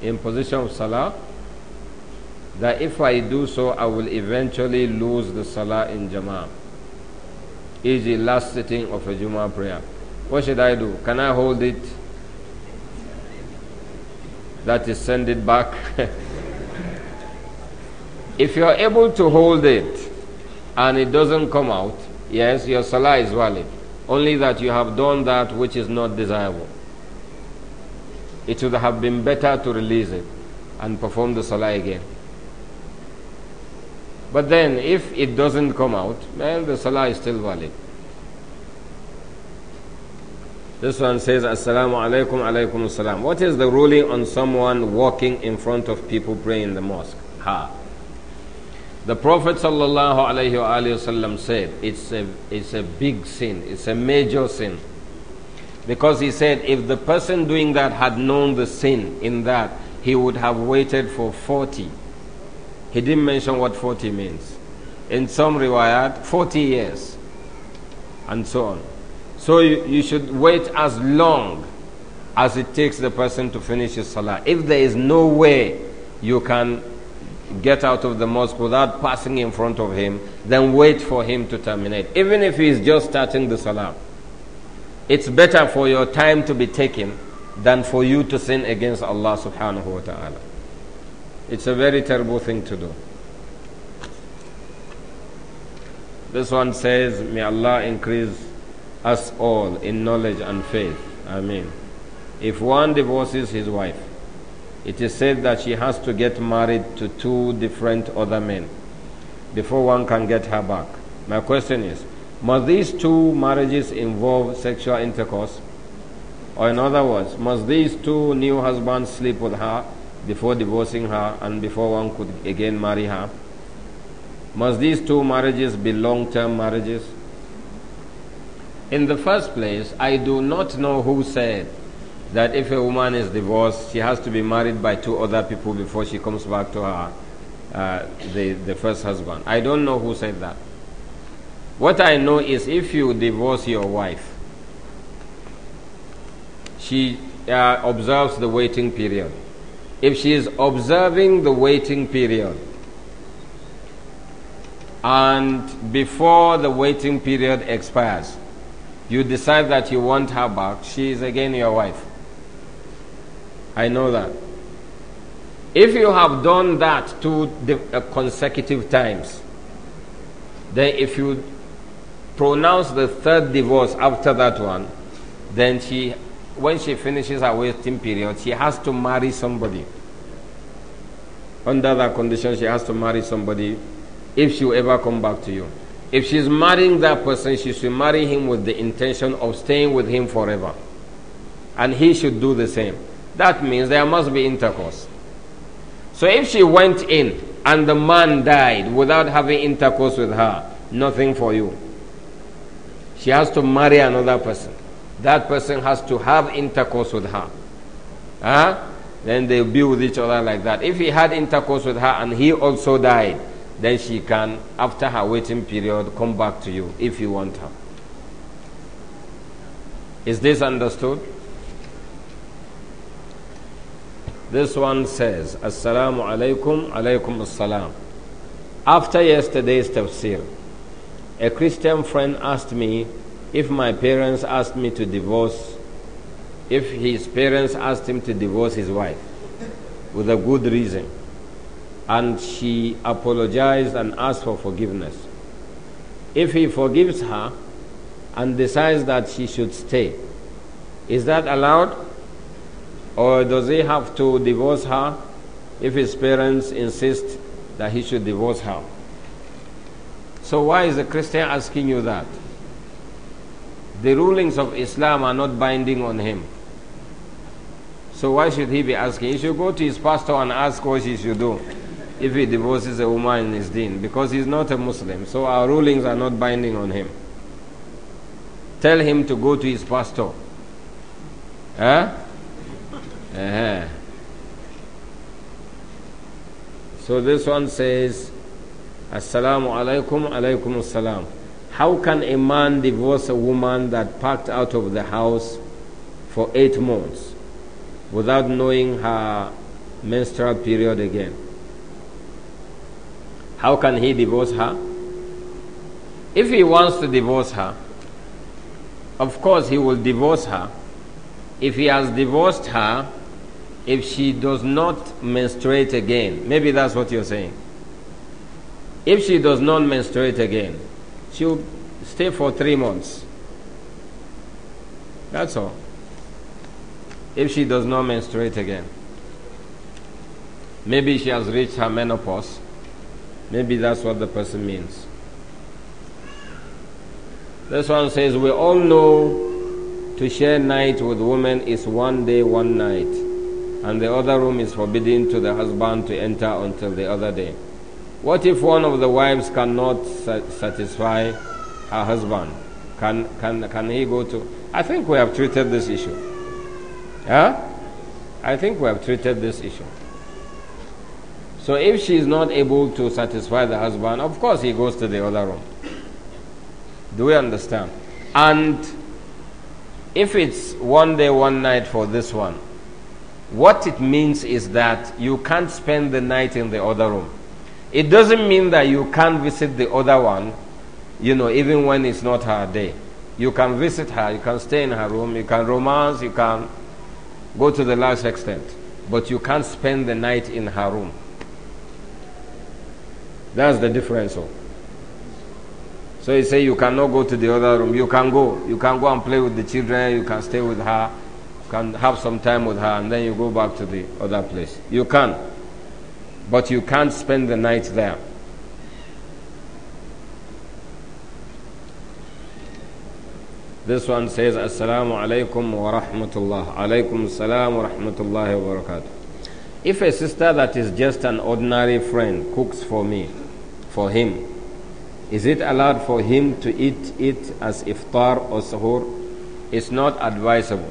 in position of salah, that if I do so, I will eventually lose the salah in jama'ah. the last sitting of a Juma prayer. What should I do? Can I hold it? that is, send it back. if you are able to hold it and it doesn't come out, yes, your salah is valid. Only that you have done that which is not desirable. It would have been better to release it and perform the salah again. But then, if it doesn't come out, well, the salah is still valid. This one says, Assalamu alaikum, alaikum What What is the ruling on someone walking in front of people praying in the mosque? Ha. The Prophet ﷺ said, it's a, it's a big sin, it's a major sin. Because he said, if the person doing that had known the sin in that, he would have waited for 40. He didn't mention what 40 means. In some riwayat, 40 years, and so on. So you, you should wait as long as it takes the person to finish his salah. If there is no way you can get out of the mosque without passing in front of him, then wait for him to terminate. Even if he is just starting the salah, it's better for your time to be taken than for you to sin against Allah subhanahu wa ta'ala. It's a very terrible thing to do. This one says, May Allah increase us all in knowledge and faith. Amen. If one divorces his wife, it is said that she has to get married to two different other men before one can get her back. My question is must these two marriages involve sexual intercourse? Or, in other words, must these two new husbands sleep with her before divorcing her and before one could again marry her? Must these two marriages be long term marriages? In the first place, I do not know who said that if a woman is divorced, she has to be married by two other people before she comes back to her, uh, the, the first husband. I don't know who said that. What I know is if you divorce your wife, she uh, observes the waiting period. If she is observing the waiting period, and before the waiting period expires, you decide that you want her back, she is again your wife. I know that. If you have done that two uh, consecutive times, then if you pronounce the third divorce after that one, then she, when she finishes her waiting period, she has to marry somebody. Under that condition, she has to marry somebody if she will ever come back to you. If she's marrying that person, she should marry him with the intention of staying with him forever. And he should do the same. That means there must be intercourse. So if she went in and the man died without having intercourse with her, nothing for you. She has to marry another person. That person has to have intercourse with her. Huh? Then they'll be with each other like that. If he had intercourse with her and he also died, then she can, after her waiting period, come back to you if you want her. Is this understood? This one says, Assalamu alaikum, alaikum assalam. After yesterday's tafsir, a Christian friend asked me if my parents asked me to divorce, if his parents asked him to divorce his wife with a good reason and she apologized and asked for forgiveness. If he forgives her and decides that she should stay, is that allowed? Or does he have to divorce her if his parents insist that he should divorce her? So, why is a Christian asking you that? The rulings of Islam are not binding on him. So, why should he be asking? He should go to his pastor and ask what he should do if he divorces a woman in his deen because he's not a Muslim. So our rulings are not binding on him. Tell him to go to his pastor. Huh? Uh-huh. So this one says, Assalamu alaikum, alaikum assalam. How can a man divorce a woman that packed out of the house for eight months without knowing her menstrual period again? How can he divorce her? If he wants to divorce her, of course he will divorce her. If he has divorced her, if she does not menstruate again, maybe that's what you're saying. If she does not menstruate again, she'll stay for three months. That's all. If she does not menstruate again, maybe she has reached her menopause Maybe that's what the person means. This one says, We all know to share night with women is one day, one night, and the other room is forbidden to the husband to enter until the other day. What if one of the wives cannot satisfy her husband? Can, can, can he go to. I think we have treated this issue. Yeah, I think we have treated this issue. So if she is not able to satisfy the husband, of course he goes to the other room. Do we understand? And if it's one day, one night for this one, what it means is that you can't spend the night in the other room. It doesn't mean that you can't visit the other one, you know, even when it's not her day. You can visit her, you can stay in her room, you can romance, you can go to the last extent, but you can't spend the night in her room. That's the difference. Oh. So, so you say you cannot go to the other room. You can go. You can go and play with the children. You can stay with her. You can have some time with her, and then you go back to the other place. You can, but you can't spend the night there. This one says, Assalamu alaikum wa rahmatullah. Alaikum salam wa rahmatullahi wa barakatuh. If a sister that is just an ordinary friend cooks for me, for him? Is it allowed for him to eat it as iftar or sahur? It's not advisable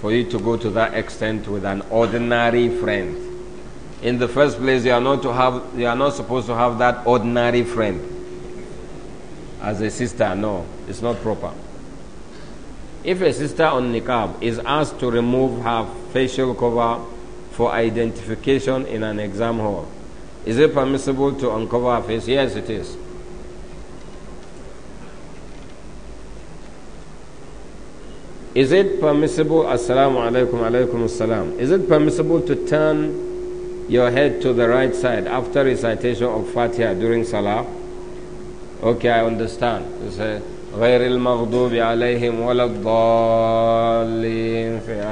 for you to go to that extent with an ordinary friend. In the first place, you are not to have you are not supposed to have that ordinary friend. As a sister, no, it's not proper. If a sister on niqab is asked to remove her facial cover for identification in an exam hall, is it permissible to uncover her face? Yes, it is. Is it permissible, assalamu alaikum alaikum assalam, is it permissible to turn your head to the right side after recitation of Fatiha during Salah? Okay, I understand. You say, غير المغضوب عليهم ولا الضالين في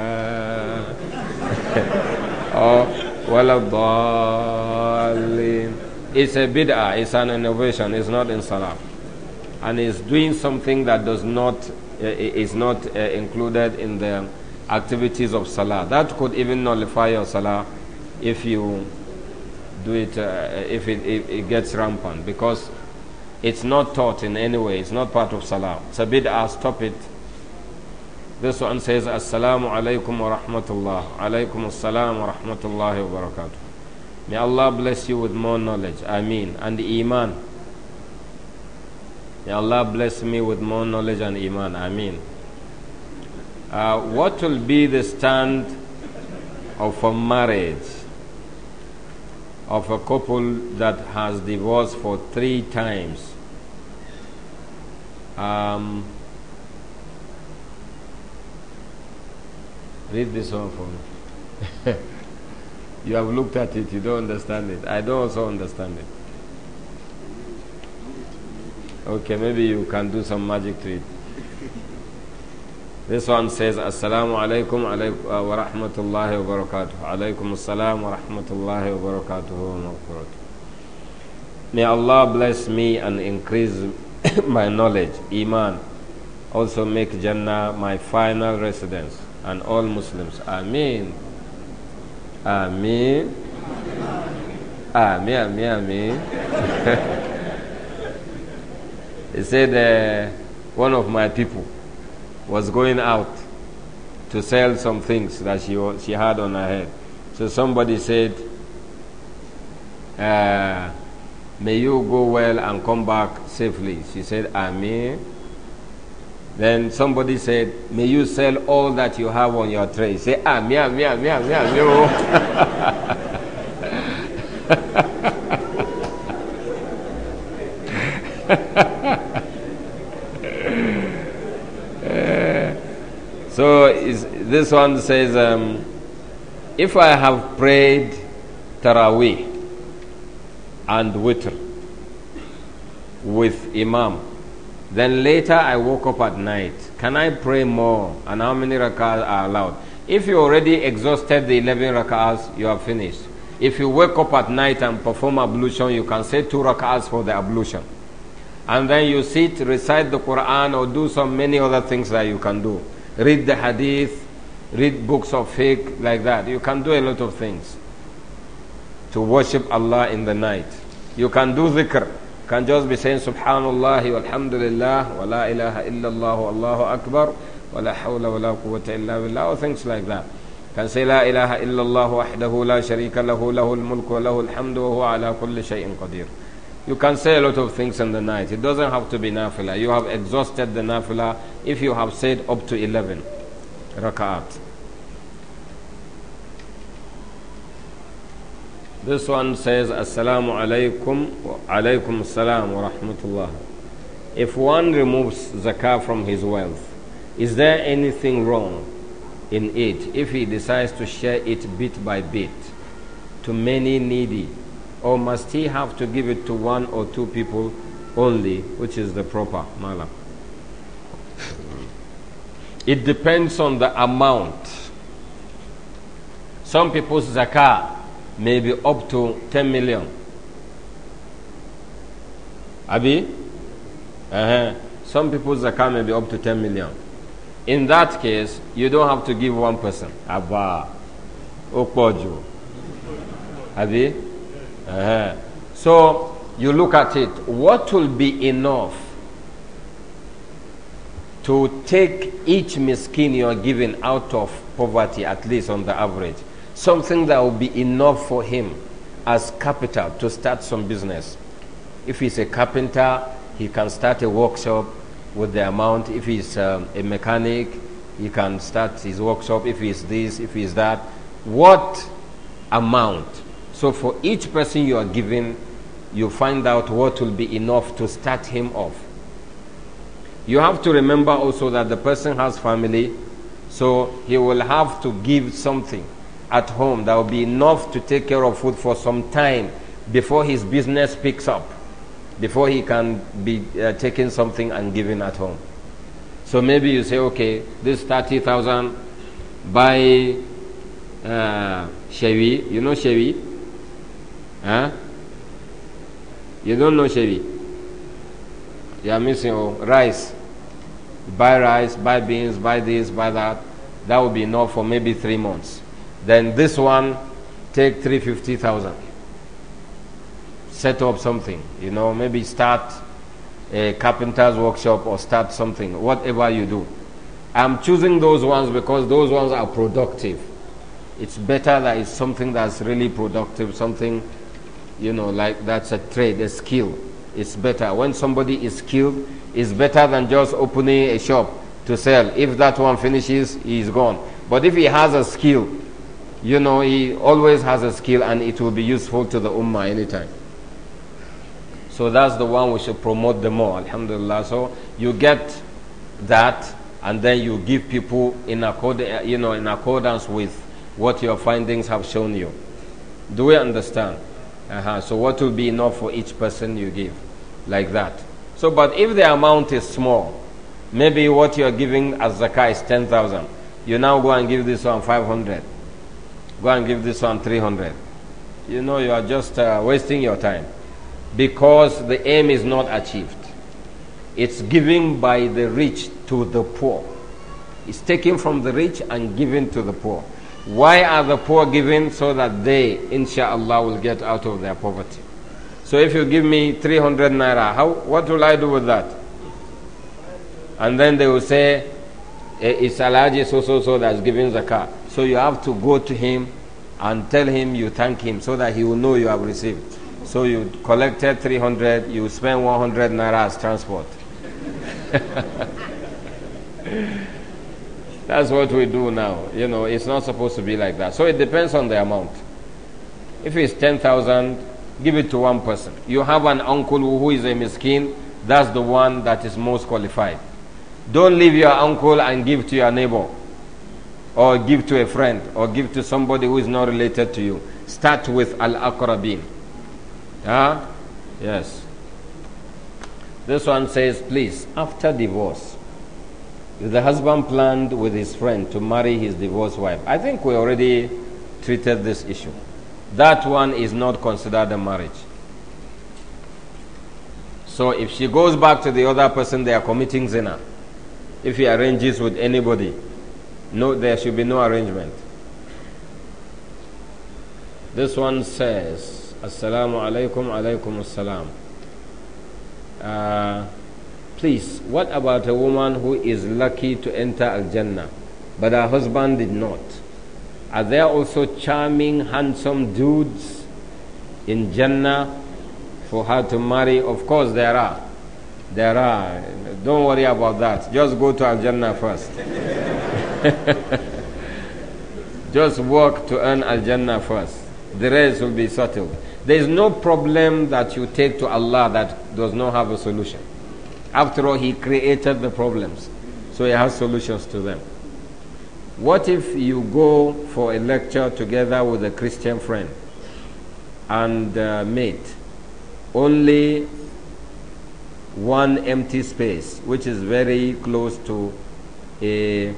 or Wala الضَّالِّينَ It's a bid'ah, it's an innovation, it's not in salah, And it's doing something that does not, uh, is not uh, included in the activities of Salah. That could even nullify your Salah if you do it, uh, if it, it, it gets rampant. Because it's not taught in any way, it's not part of Salah. It's a bid'ah, stop it this one says, Assalamu alaykum wa rahmatullah. Alaykum assalam wa rahmatullahi wa barakatuh. May Allah bless you with more knowledge. Ameen. And Iman. May Allah bless me with more knowledge and Iman. Ameen. Uh, what will be the stand of a marriage of a couple that has divorced for three times? Um, Read this one for me. you have looked at it, you don't understand it. I don't also understand it. Okay, maybe you can do some magic to it. This one says, Assalamu alaikum alaykum uh, wa rahmatullahi wa barakatuh. Alaikum assalam wa rahmatullahi wa barakatuh. May Allah bless me and increase my knowledge, Iman. Also make Jannah my final residence and all Muslims. Amin, Amin, Amin, Amin, Amin. he said, uh, one of my people was going out to sell some things that she, she had on her head. So somebody said, uh, May you go well and come back safely. She said, Ameen. Then somebody said, May you sell all that you have on your tray. Say, Ah, meow, meow, meow, meow, meow. so is, this one says, um, If I have prayed Taraweeh and Witr with Imam, then later I woke up at night. Can I pray more? And how many rak'ahs are allowed? If you already exhausted the 11 rak'ahs, you are finished. If you wake up at night and perform ablution, you can say two rak'ahs for the ablution. And then you sit, recite the Quran, or do some many other things that you can do. Read the hadith, read books of fiqh, like that. You can do a lot of things to worship Allah in the night. You can do dhikr. كان جوز بسين سبحان الله والحمد لله ولا إله إلا الله والله أكبر ولا حول ولا قوة إلا بالله أو things like that كان say la ilaha illallah wahdahu la sharika lahu له mulku wa lahul hamdu wa huwa ala kulli you can say a lot of things in the night it doesn't have to be nafila you have exhausted the nafila if you have said up to 11 rak'at This one says, Assalamu alaykum, alaykum salam wa rahmatullah. If one removes zakah from his wealth, is there anything wrong in it if he decides to share it bit by bit to many needy? Or must he have to give it to one or two people only, which is the proper mala? It depends on the amount. Some people's zakah maybe up to 10 million. Abi? Uh-huh. Some people's account may be up to 10 million. In that case, you don't have to give one person. Abba. Okpoju. Abi? Uh-huh. So, you look at it. What will be enough to take each miskin you are giving out of poverty, at least on the average? something that will be enough for him as capital to start some business. If he's a carpenter, he can start a workshop with the amount. If he's um, a mechanic, he can start his workshop. If he's this, if he's that. What amount? So for each person you are giving, you find out what will be enough to start him off. You have to remember also that the person has family, so he will have to give something at home. There will be enough to take care of food for some time before his business picks up, before he can be uh, taking something and giving at home. So maybe you say, okay, this 30,000, buy uh, Chevy. You know Chevy? Huh? You don't know Chevy? You are missing oh, rice. Buy rice, buy beans, buy this, buy that. That will be enough for maybe three months. Then this one, take 350,000. Set up something, you know, maybe start a carpenter's workshop or start something, whatever you do. I'm choosing those ones because those ones are productive. It's better that it's something that's really productive, something, you know, like that's a trade, a skill. It's better. When somebody is skilled, it's better than just opening a shop to sell. If that one finishes, he's gone. But if he has a skill, you know, he always has a skill and it will be useful to the ummah anytime. So that's the one we should promote the more, alhamdulillah. So you get that and then you give people in accord, you know, in accordance with what your findings have shown you. Do we understand? Uh -huh. So what will be enough for each person you give? Like that. So but if the amount is small, maybe what you're giving as zakah is 10,000. You now go and give this one 500 Go and give this one 300. You know, you are just uh, wasting your time because the aim is not achieved. It's giving by the rich to the poor. It's taken from the rich and given to the poor. Why are the poor given? So that they, insha'Allah, will get out of their poverty. So if you give me 300 naira, how, what will I do with that? And then they will say, eh, it's Alaji so so so that's giving zakah. So you have to go to him and tell him you thank him so that he will know you have received. So you collected 300, you spend 100 naira as transport. That's what we do now. You know, it's not supposed to be like that. So it depends on the amount. If it's 10,000, give it to one person. You have an uncle who is a miskin, that's the one that is most qualified. Don't leave your uncle and give to your neighbor or give to a friend or give to somebody who is not related to you. Start with al akrabin. Huh? Yes. This one says, please, after divorce, if the husband planned with his friend to marry his divorced wife, I think we already treated this issue. That one is not considered a marriage. So if she goes back to the other person, they are committing zina. If he arranges with anybody, no, there should be no arrangement. This one says, Assalamu alaikum, alaikum assalam. Uh, please, what about a woman who is lucky to enter Al Jannah, but her husband did not? Are there also charming, handsome dudes in Jannah for her to marry? Of course, there are. There are. Don't worry about that. Just go to Al first. Just work to earn Al first. The rest will be settled. There is no problem that you take to Allah that does not have a solution. After all, He created the problems, so He has solutions to them. What if you go for a lecture together with a Christian friend and uh, mate? Only one empty space, which is very close to a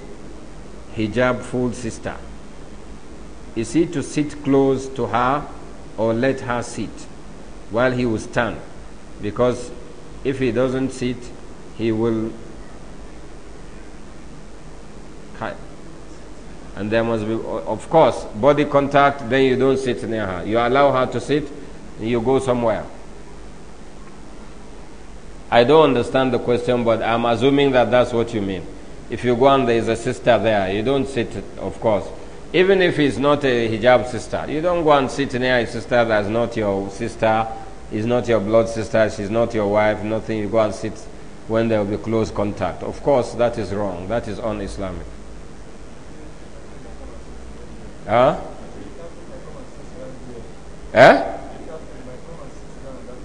hijab full sister. Is he to sit close to her or let her sit while he will stand? Because if he doesn't sit, he will cut. And there must be, of course, body contact, then you don't sit near her. You allow her to sit, you go somewhere. I don't understand the question, but I'm assuming that that's what you mean. If you go and there is a sister there, you don't sit, of course. Even if it's not a hijab sister, you don't go and sit near a sister that's not your sister, is not your blood sister, she's not your wife, nothing. You go and sit when there will be close contact. Of course, that is wrong. That is un Islamic. Huh? Eh?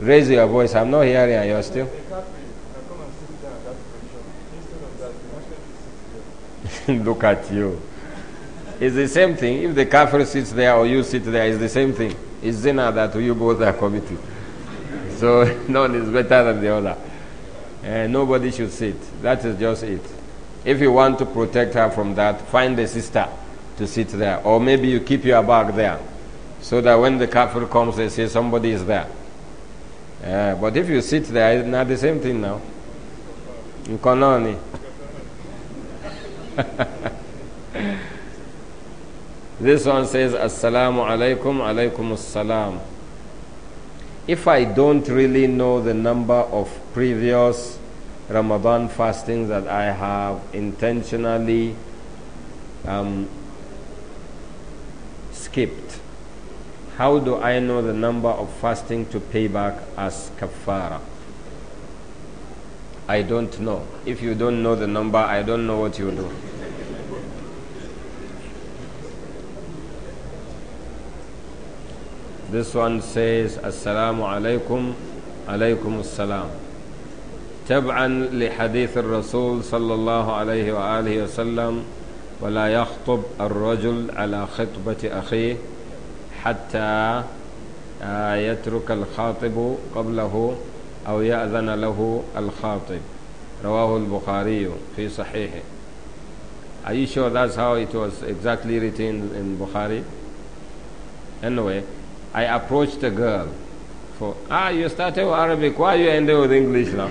Raise your voice. I'm not hearing and you still. Look at you. It's the same thing. If the kafir sits there or you sit there, it's the same thing. It's zina that you both are committing. So none is better than the other. And eh, nobody should sit. That is just it. If you want to protect her from that, find a sister to sit there. Or maybe you keep your bag there. So that when the kafir comes, they say somebody is there. Yeah, but if you sit there, it's not the same thing now. In náà This one says, Assalamu alaikum, alaikum assalam. If I don't really know the number of previous Ramadan fastings that I have intentionally um, skipped, how do I know the number of fasting to pay back as kafara? I don't know. If you don't know the number, I don't know what you do. This one says, Assalamu alaikum, alaikum assalam. تبعا لحديث الرسول صلى الله عليه وآله وسلم ولا يخطب الرجل على خطبة أخيه حتى يترك الخاطب قبله أو يأذن له الخاطب رواه البخاري في صحيحه Are you sure that's how it was exactly written in Bukhari? Anyway, I approached a girl for, ah, you started with Arabic, why you ending with English now?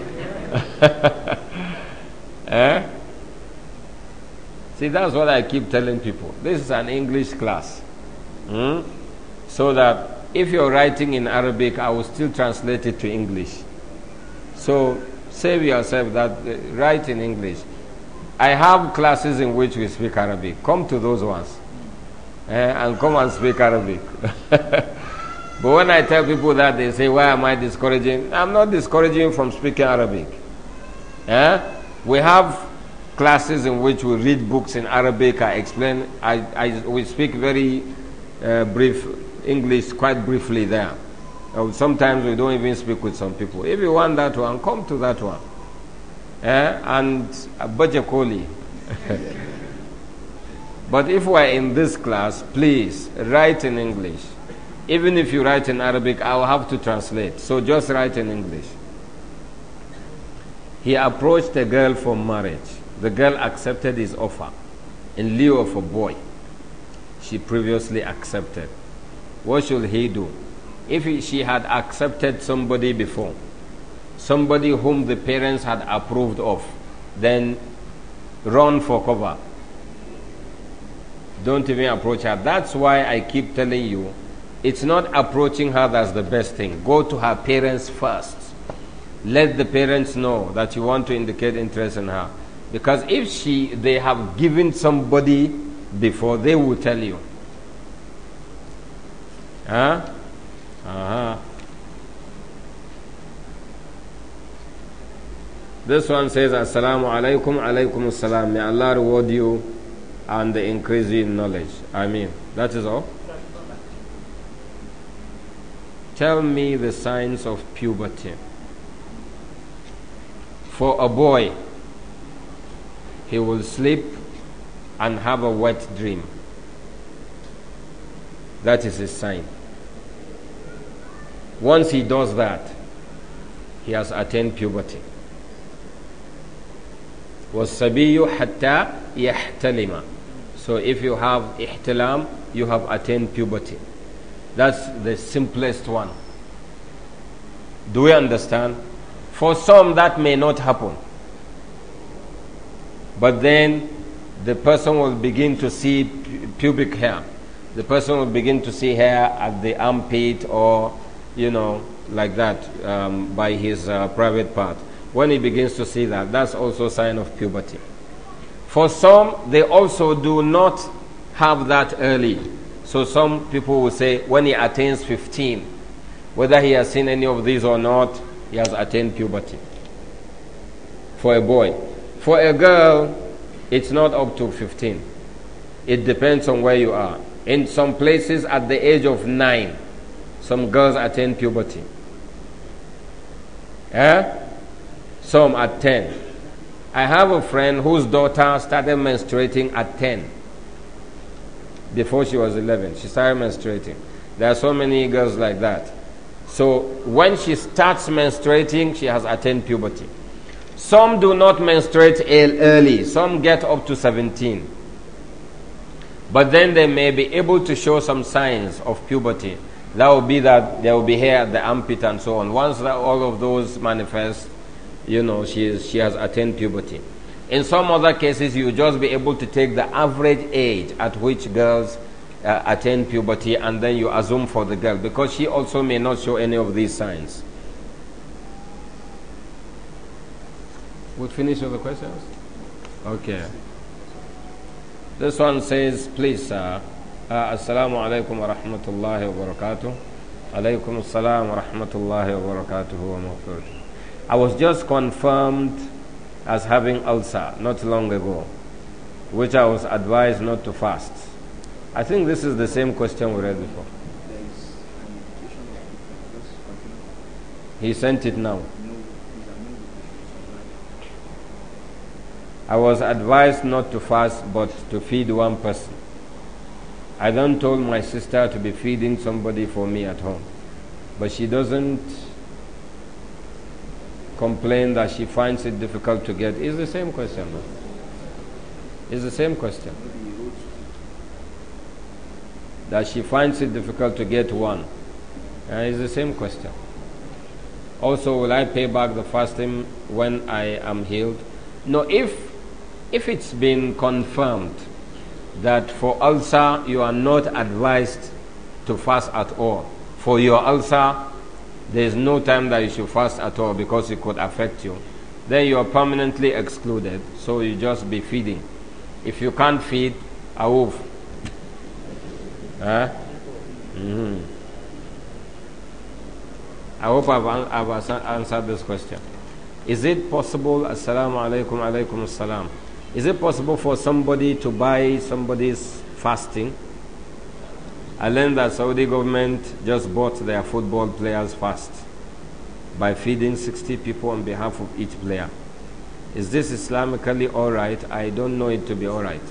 eh? See, that's what I keep telling people. This is an English class. Hmm? so that if you're writing in Arabic, I will still translate it to English. So save yourself that uh, write in English. I have classes in which we speak Arabic. Come to those ones uh, and come and speak Arabic. but when I tell people that, they say, Why am I discouraging? I'm not discouraging from speaking Arabic. Eh? We have classes in which we read books in Arabic. I explain, I, I, we speak very uh, brief English quite briefly there. Uh, sometimes we don't even speak with some people. If you want that one, come to that one. Eh? And Abaja uh, but if we're in this class, please write in English. Even if you write in Arabic, I'll have to translate. So just write in English. He approached a girl for marriage. The girl accepted his offer in lieu of a boy she previously accepted what should he do? If she had accepted somebody before, somebody whom the parents had approved of, then run for cover. Don't even approach her. That's why I keep telling you it's not approaching her that's the best thing. Go to her parents first. Let the parents know that you want to indicate interest in her. Because if she they have given somebody before, they will tell you. Huh? Uh-huh. This one says, Assalamu alaikum, alaikum assalam. May Allah reward you and increase you in knowledge. I mean, that is all. Tell me the signs of puberty. For a boy, he will sleep and have a wet dream. That is his sign. Once he does that, he has attained puberty. وَالسَّبِيُّ حَتَّى يَحْتَلِمَ So if you have ihtilam, you have attained puberty. That's the simplest one. Do we understand? For some, that may not happen. But then the person will begin to see pubic hair. The person will begin to see hair at the armpit or you know, like that um, by his uh, private part. When he begins to see that, that's also a sign of puberty. For some, they also do not have that early. So some people will say when he attains 15, whether he has seen any of these or not, he has attained puberty. For a boy. For a girl, it's not up to 15. It depends on where you are. In some places, at the age of 9, some girls attain puberty. Yeah, Some at 10. I have a friend whose daughter started menstruating at 10. Before she was 11, she started menstruating. There are so many girls like that. So when she starts menstruating, she has attained puberty. Some do not menstruate early, some get up to 17. But then they may be able to show some signs of puberty that will be that there will be hair at the armpit and so on. Once that, all of those manifest, you know, she, is, she has attained puberty. In some other cases, you just be able to take the average age at which girls uh, attain puberty and then you assume for the girl because she also may not show any of these signs. We'll finish with the questions? Okay. This one says, please, sir. Uh, assalamu alaikum wa rahmatullahi wa barakatuh. Alaikum assalam wa rahmatullahi wa barakatuh wa maghfiratuh. I was just confirmed as having ulcer not long ago, which I was advised not to fast. I think this is the same question we read before. He sent it now. I was advised not to fast but to feed one person. I then told my sister to be feeding somebody for me at home. But she doesn't complain that she finds it difficult to get. It's the same question. It's the same question. That she finds it difficult to get one. And uh, it's the same question. Also, will I pay back the fasting when I am healed? No, if if it's been confirmed that for ulcer you are not advised to fast at all. For your ulcer, there is no time that you should fast at all because it could affect you. Then you are permanently excluded, so you just be feeding. If you can't feed, a wolf. Huh? Mm-hmm. I hope I've, an- I've answered this question. Is it possible? Assalamu alaikum, alaikum assalam. Is it possible for somebody to buy somebody's fasting? I learned that Saudi government just bought their football players fast by feeding 60 people on behalf of each player. Is this Islamically all right? I don't know it to be all right.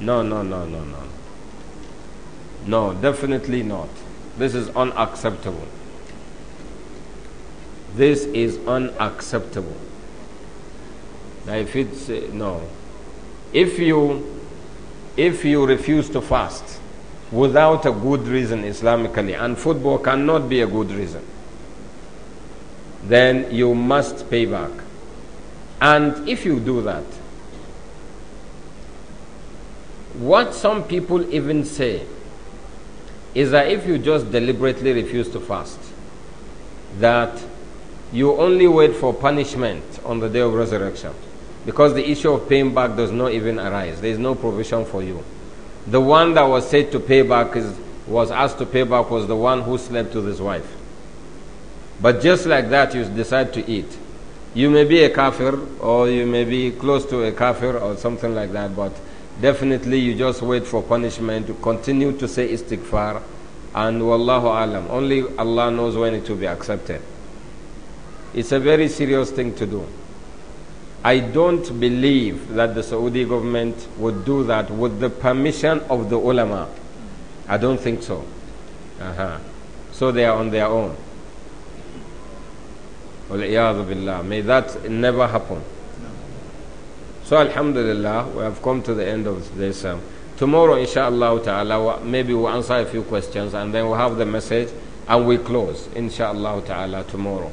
No, no, no, no, no. No, definitely not. This is unacceptable. This is unacceptable. Now if it's uh, no, if you if you refuse to fast without a good reason Islamically, and football cannot be a good reason, then you must pay back. And if you do that, what some people even say is that if you just deliberately refuse to fast, that you only wait for punishment on the day of resurrection. Because the issue of paying back does not even arise. There is no provision for you. The one that was said to pay back is, was asked to pay back was the one who slept with his wife. But just like that, you decide to eat. You may be a kafir, or you may be close to a kafir, or something like that, but definitely you just wait for punishment to continue to say istighfar and wallahu alam only allah knows when it will be accepted it's a very serious thing to do I don't believe that the Saudi government would do that with the permission of the ulama. I don't think so. Uh-huh. So they are on their own. May that never happen. So Alhamdulillah, we have come to the end of this. Um, tomorrow, inshallah ta'ala, maybe we'll answer a few questions and then we'll have the message and we close, inshallah ta'ala, tomorrow.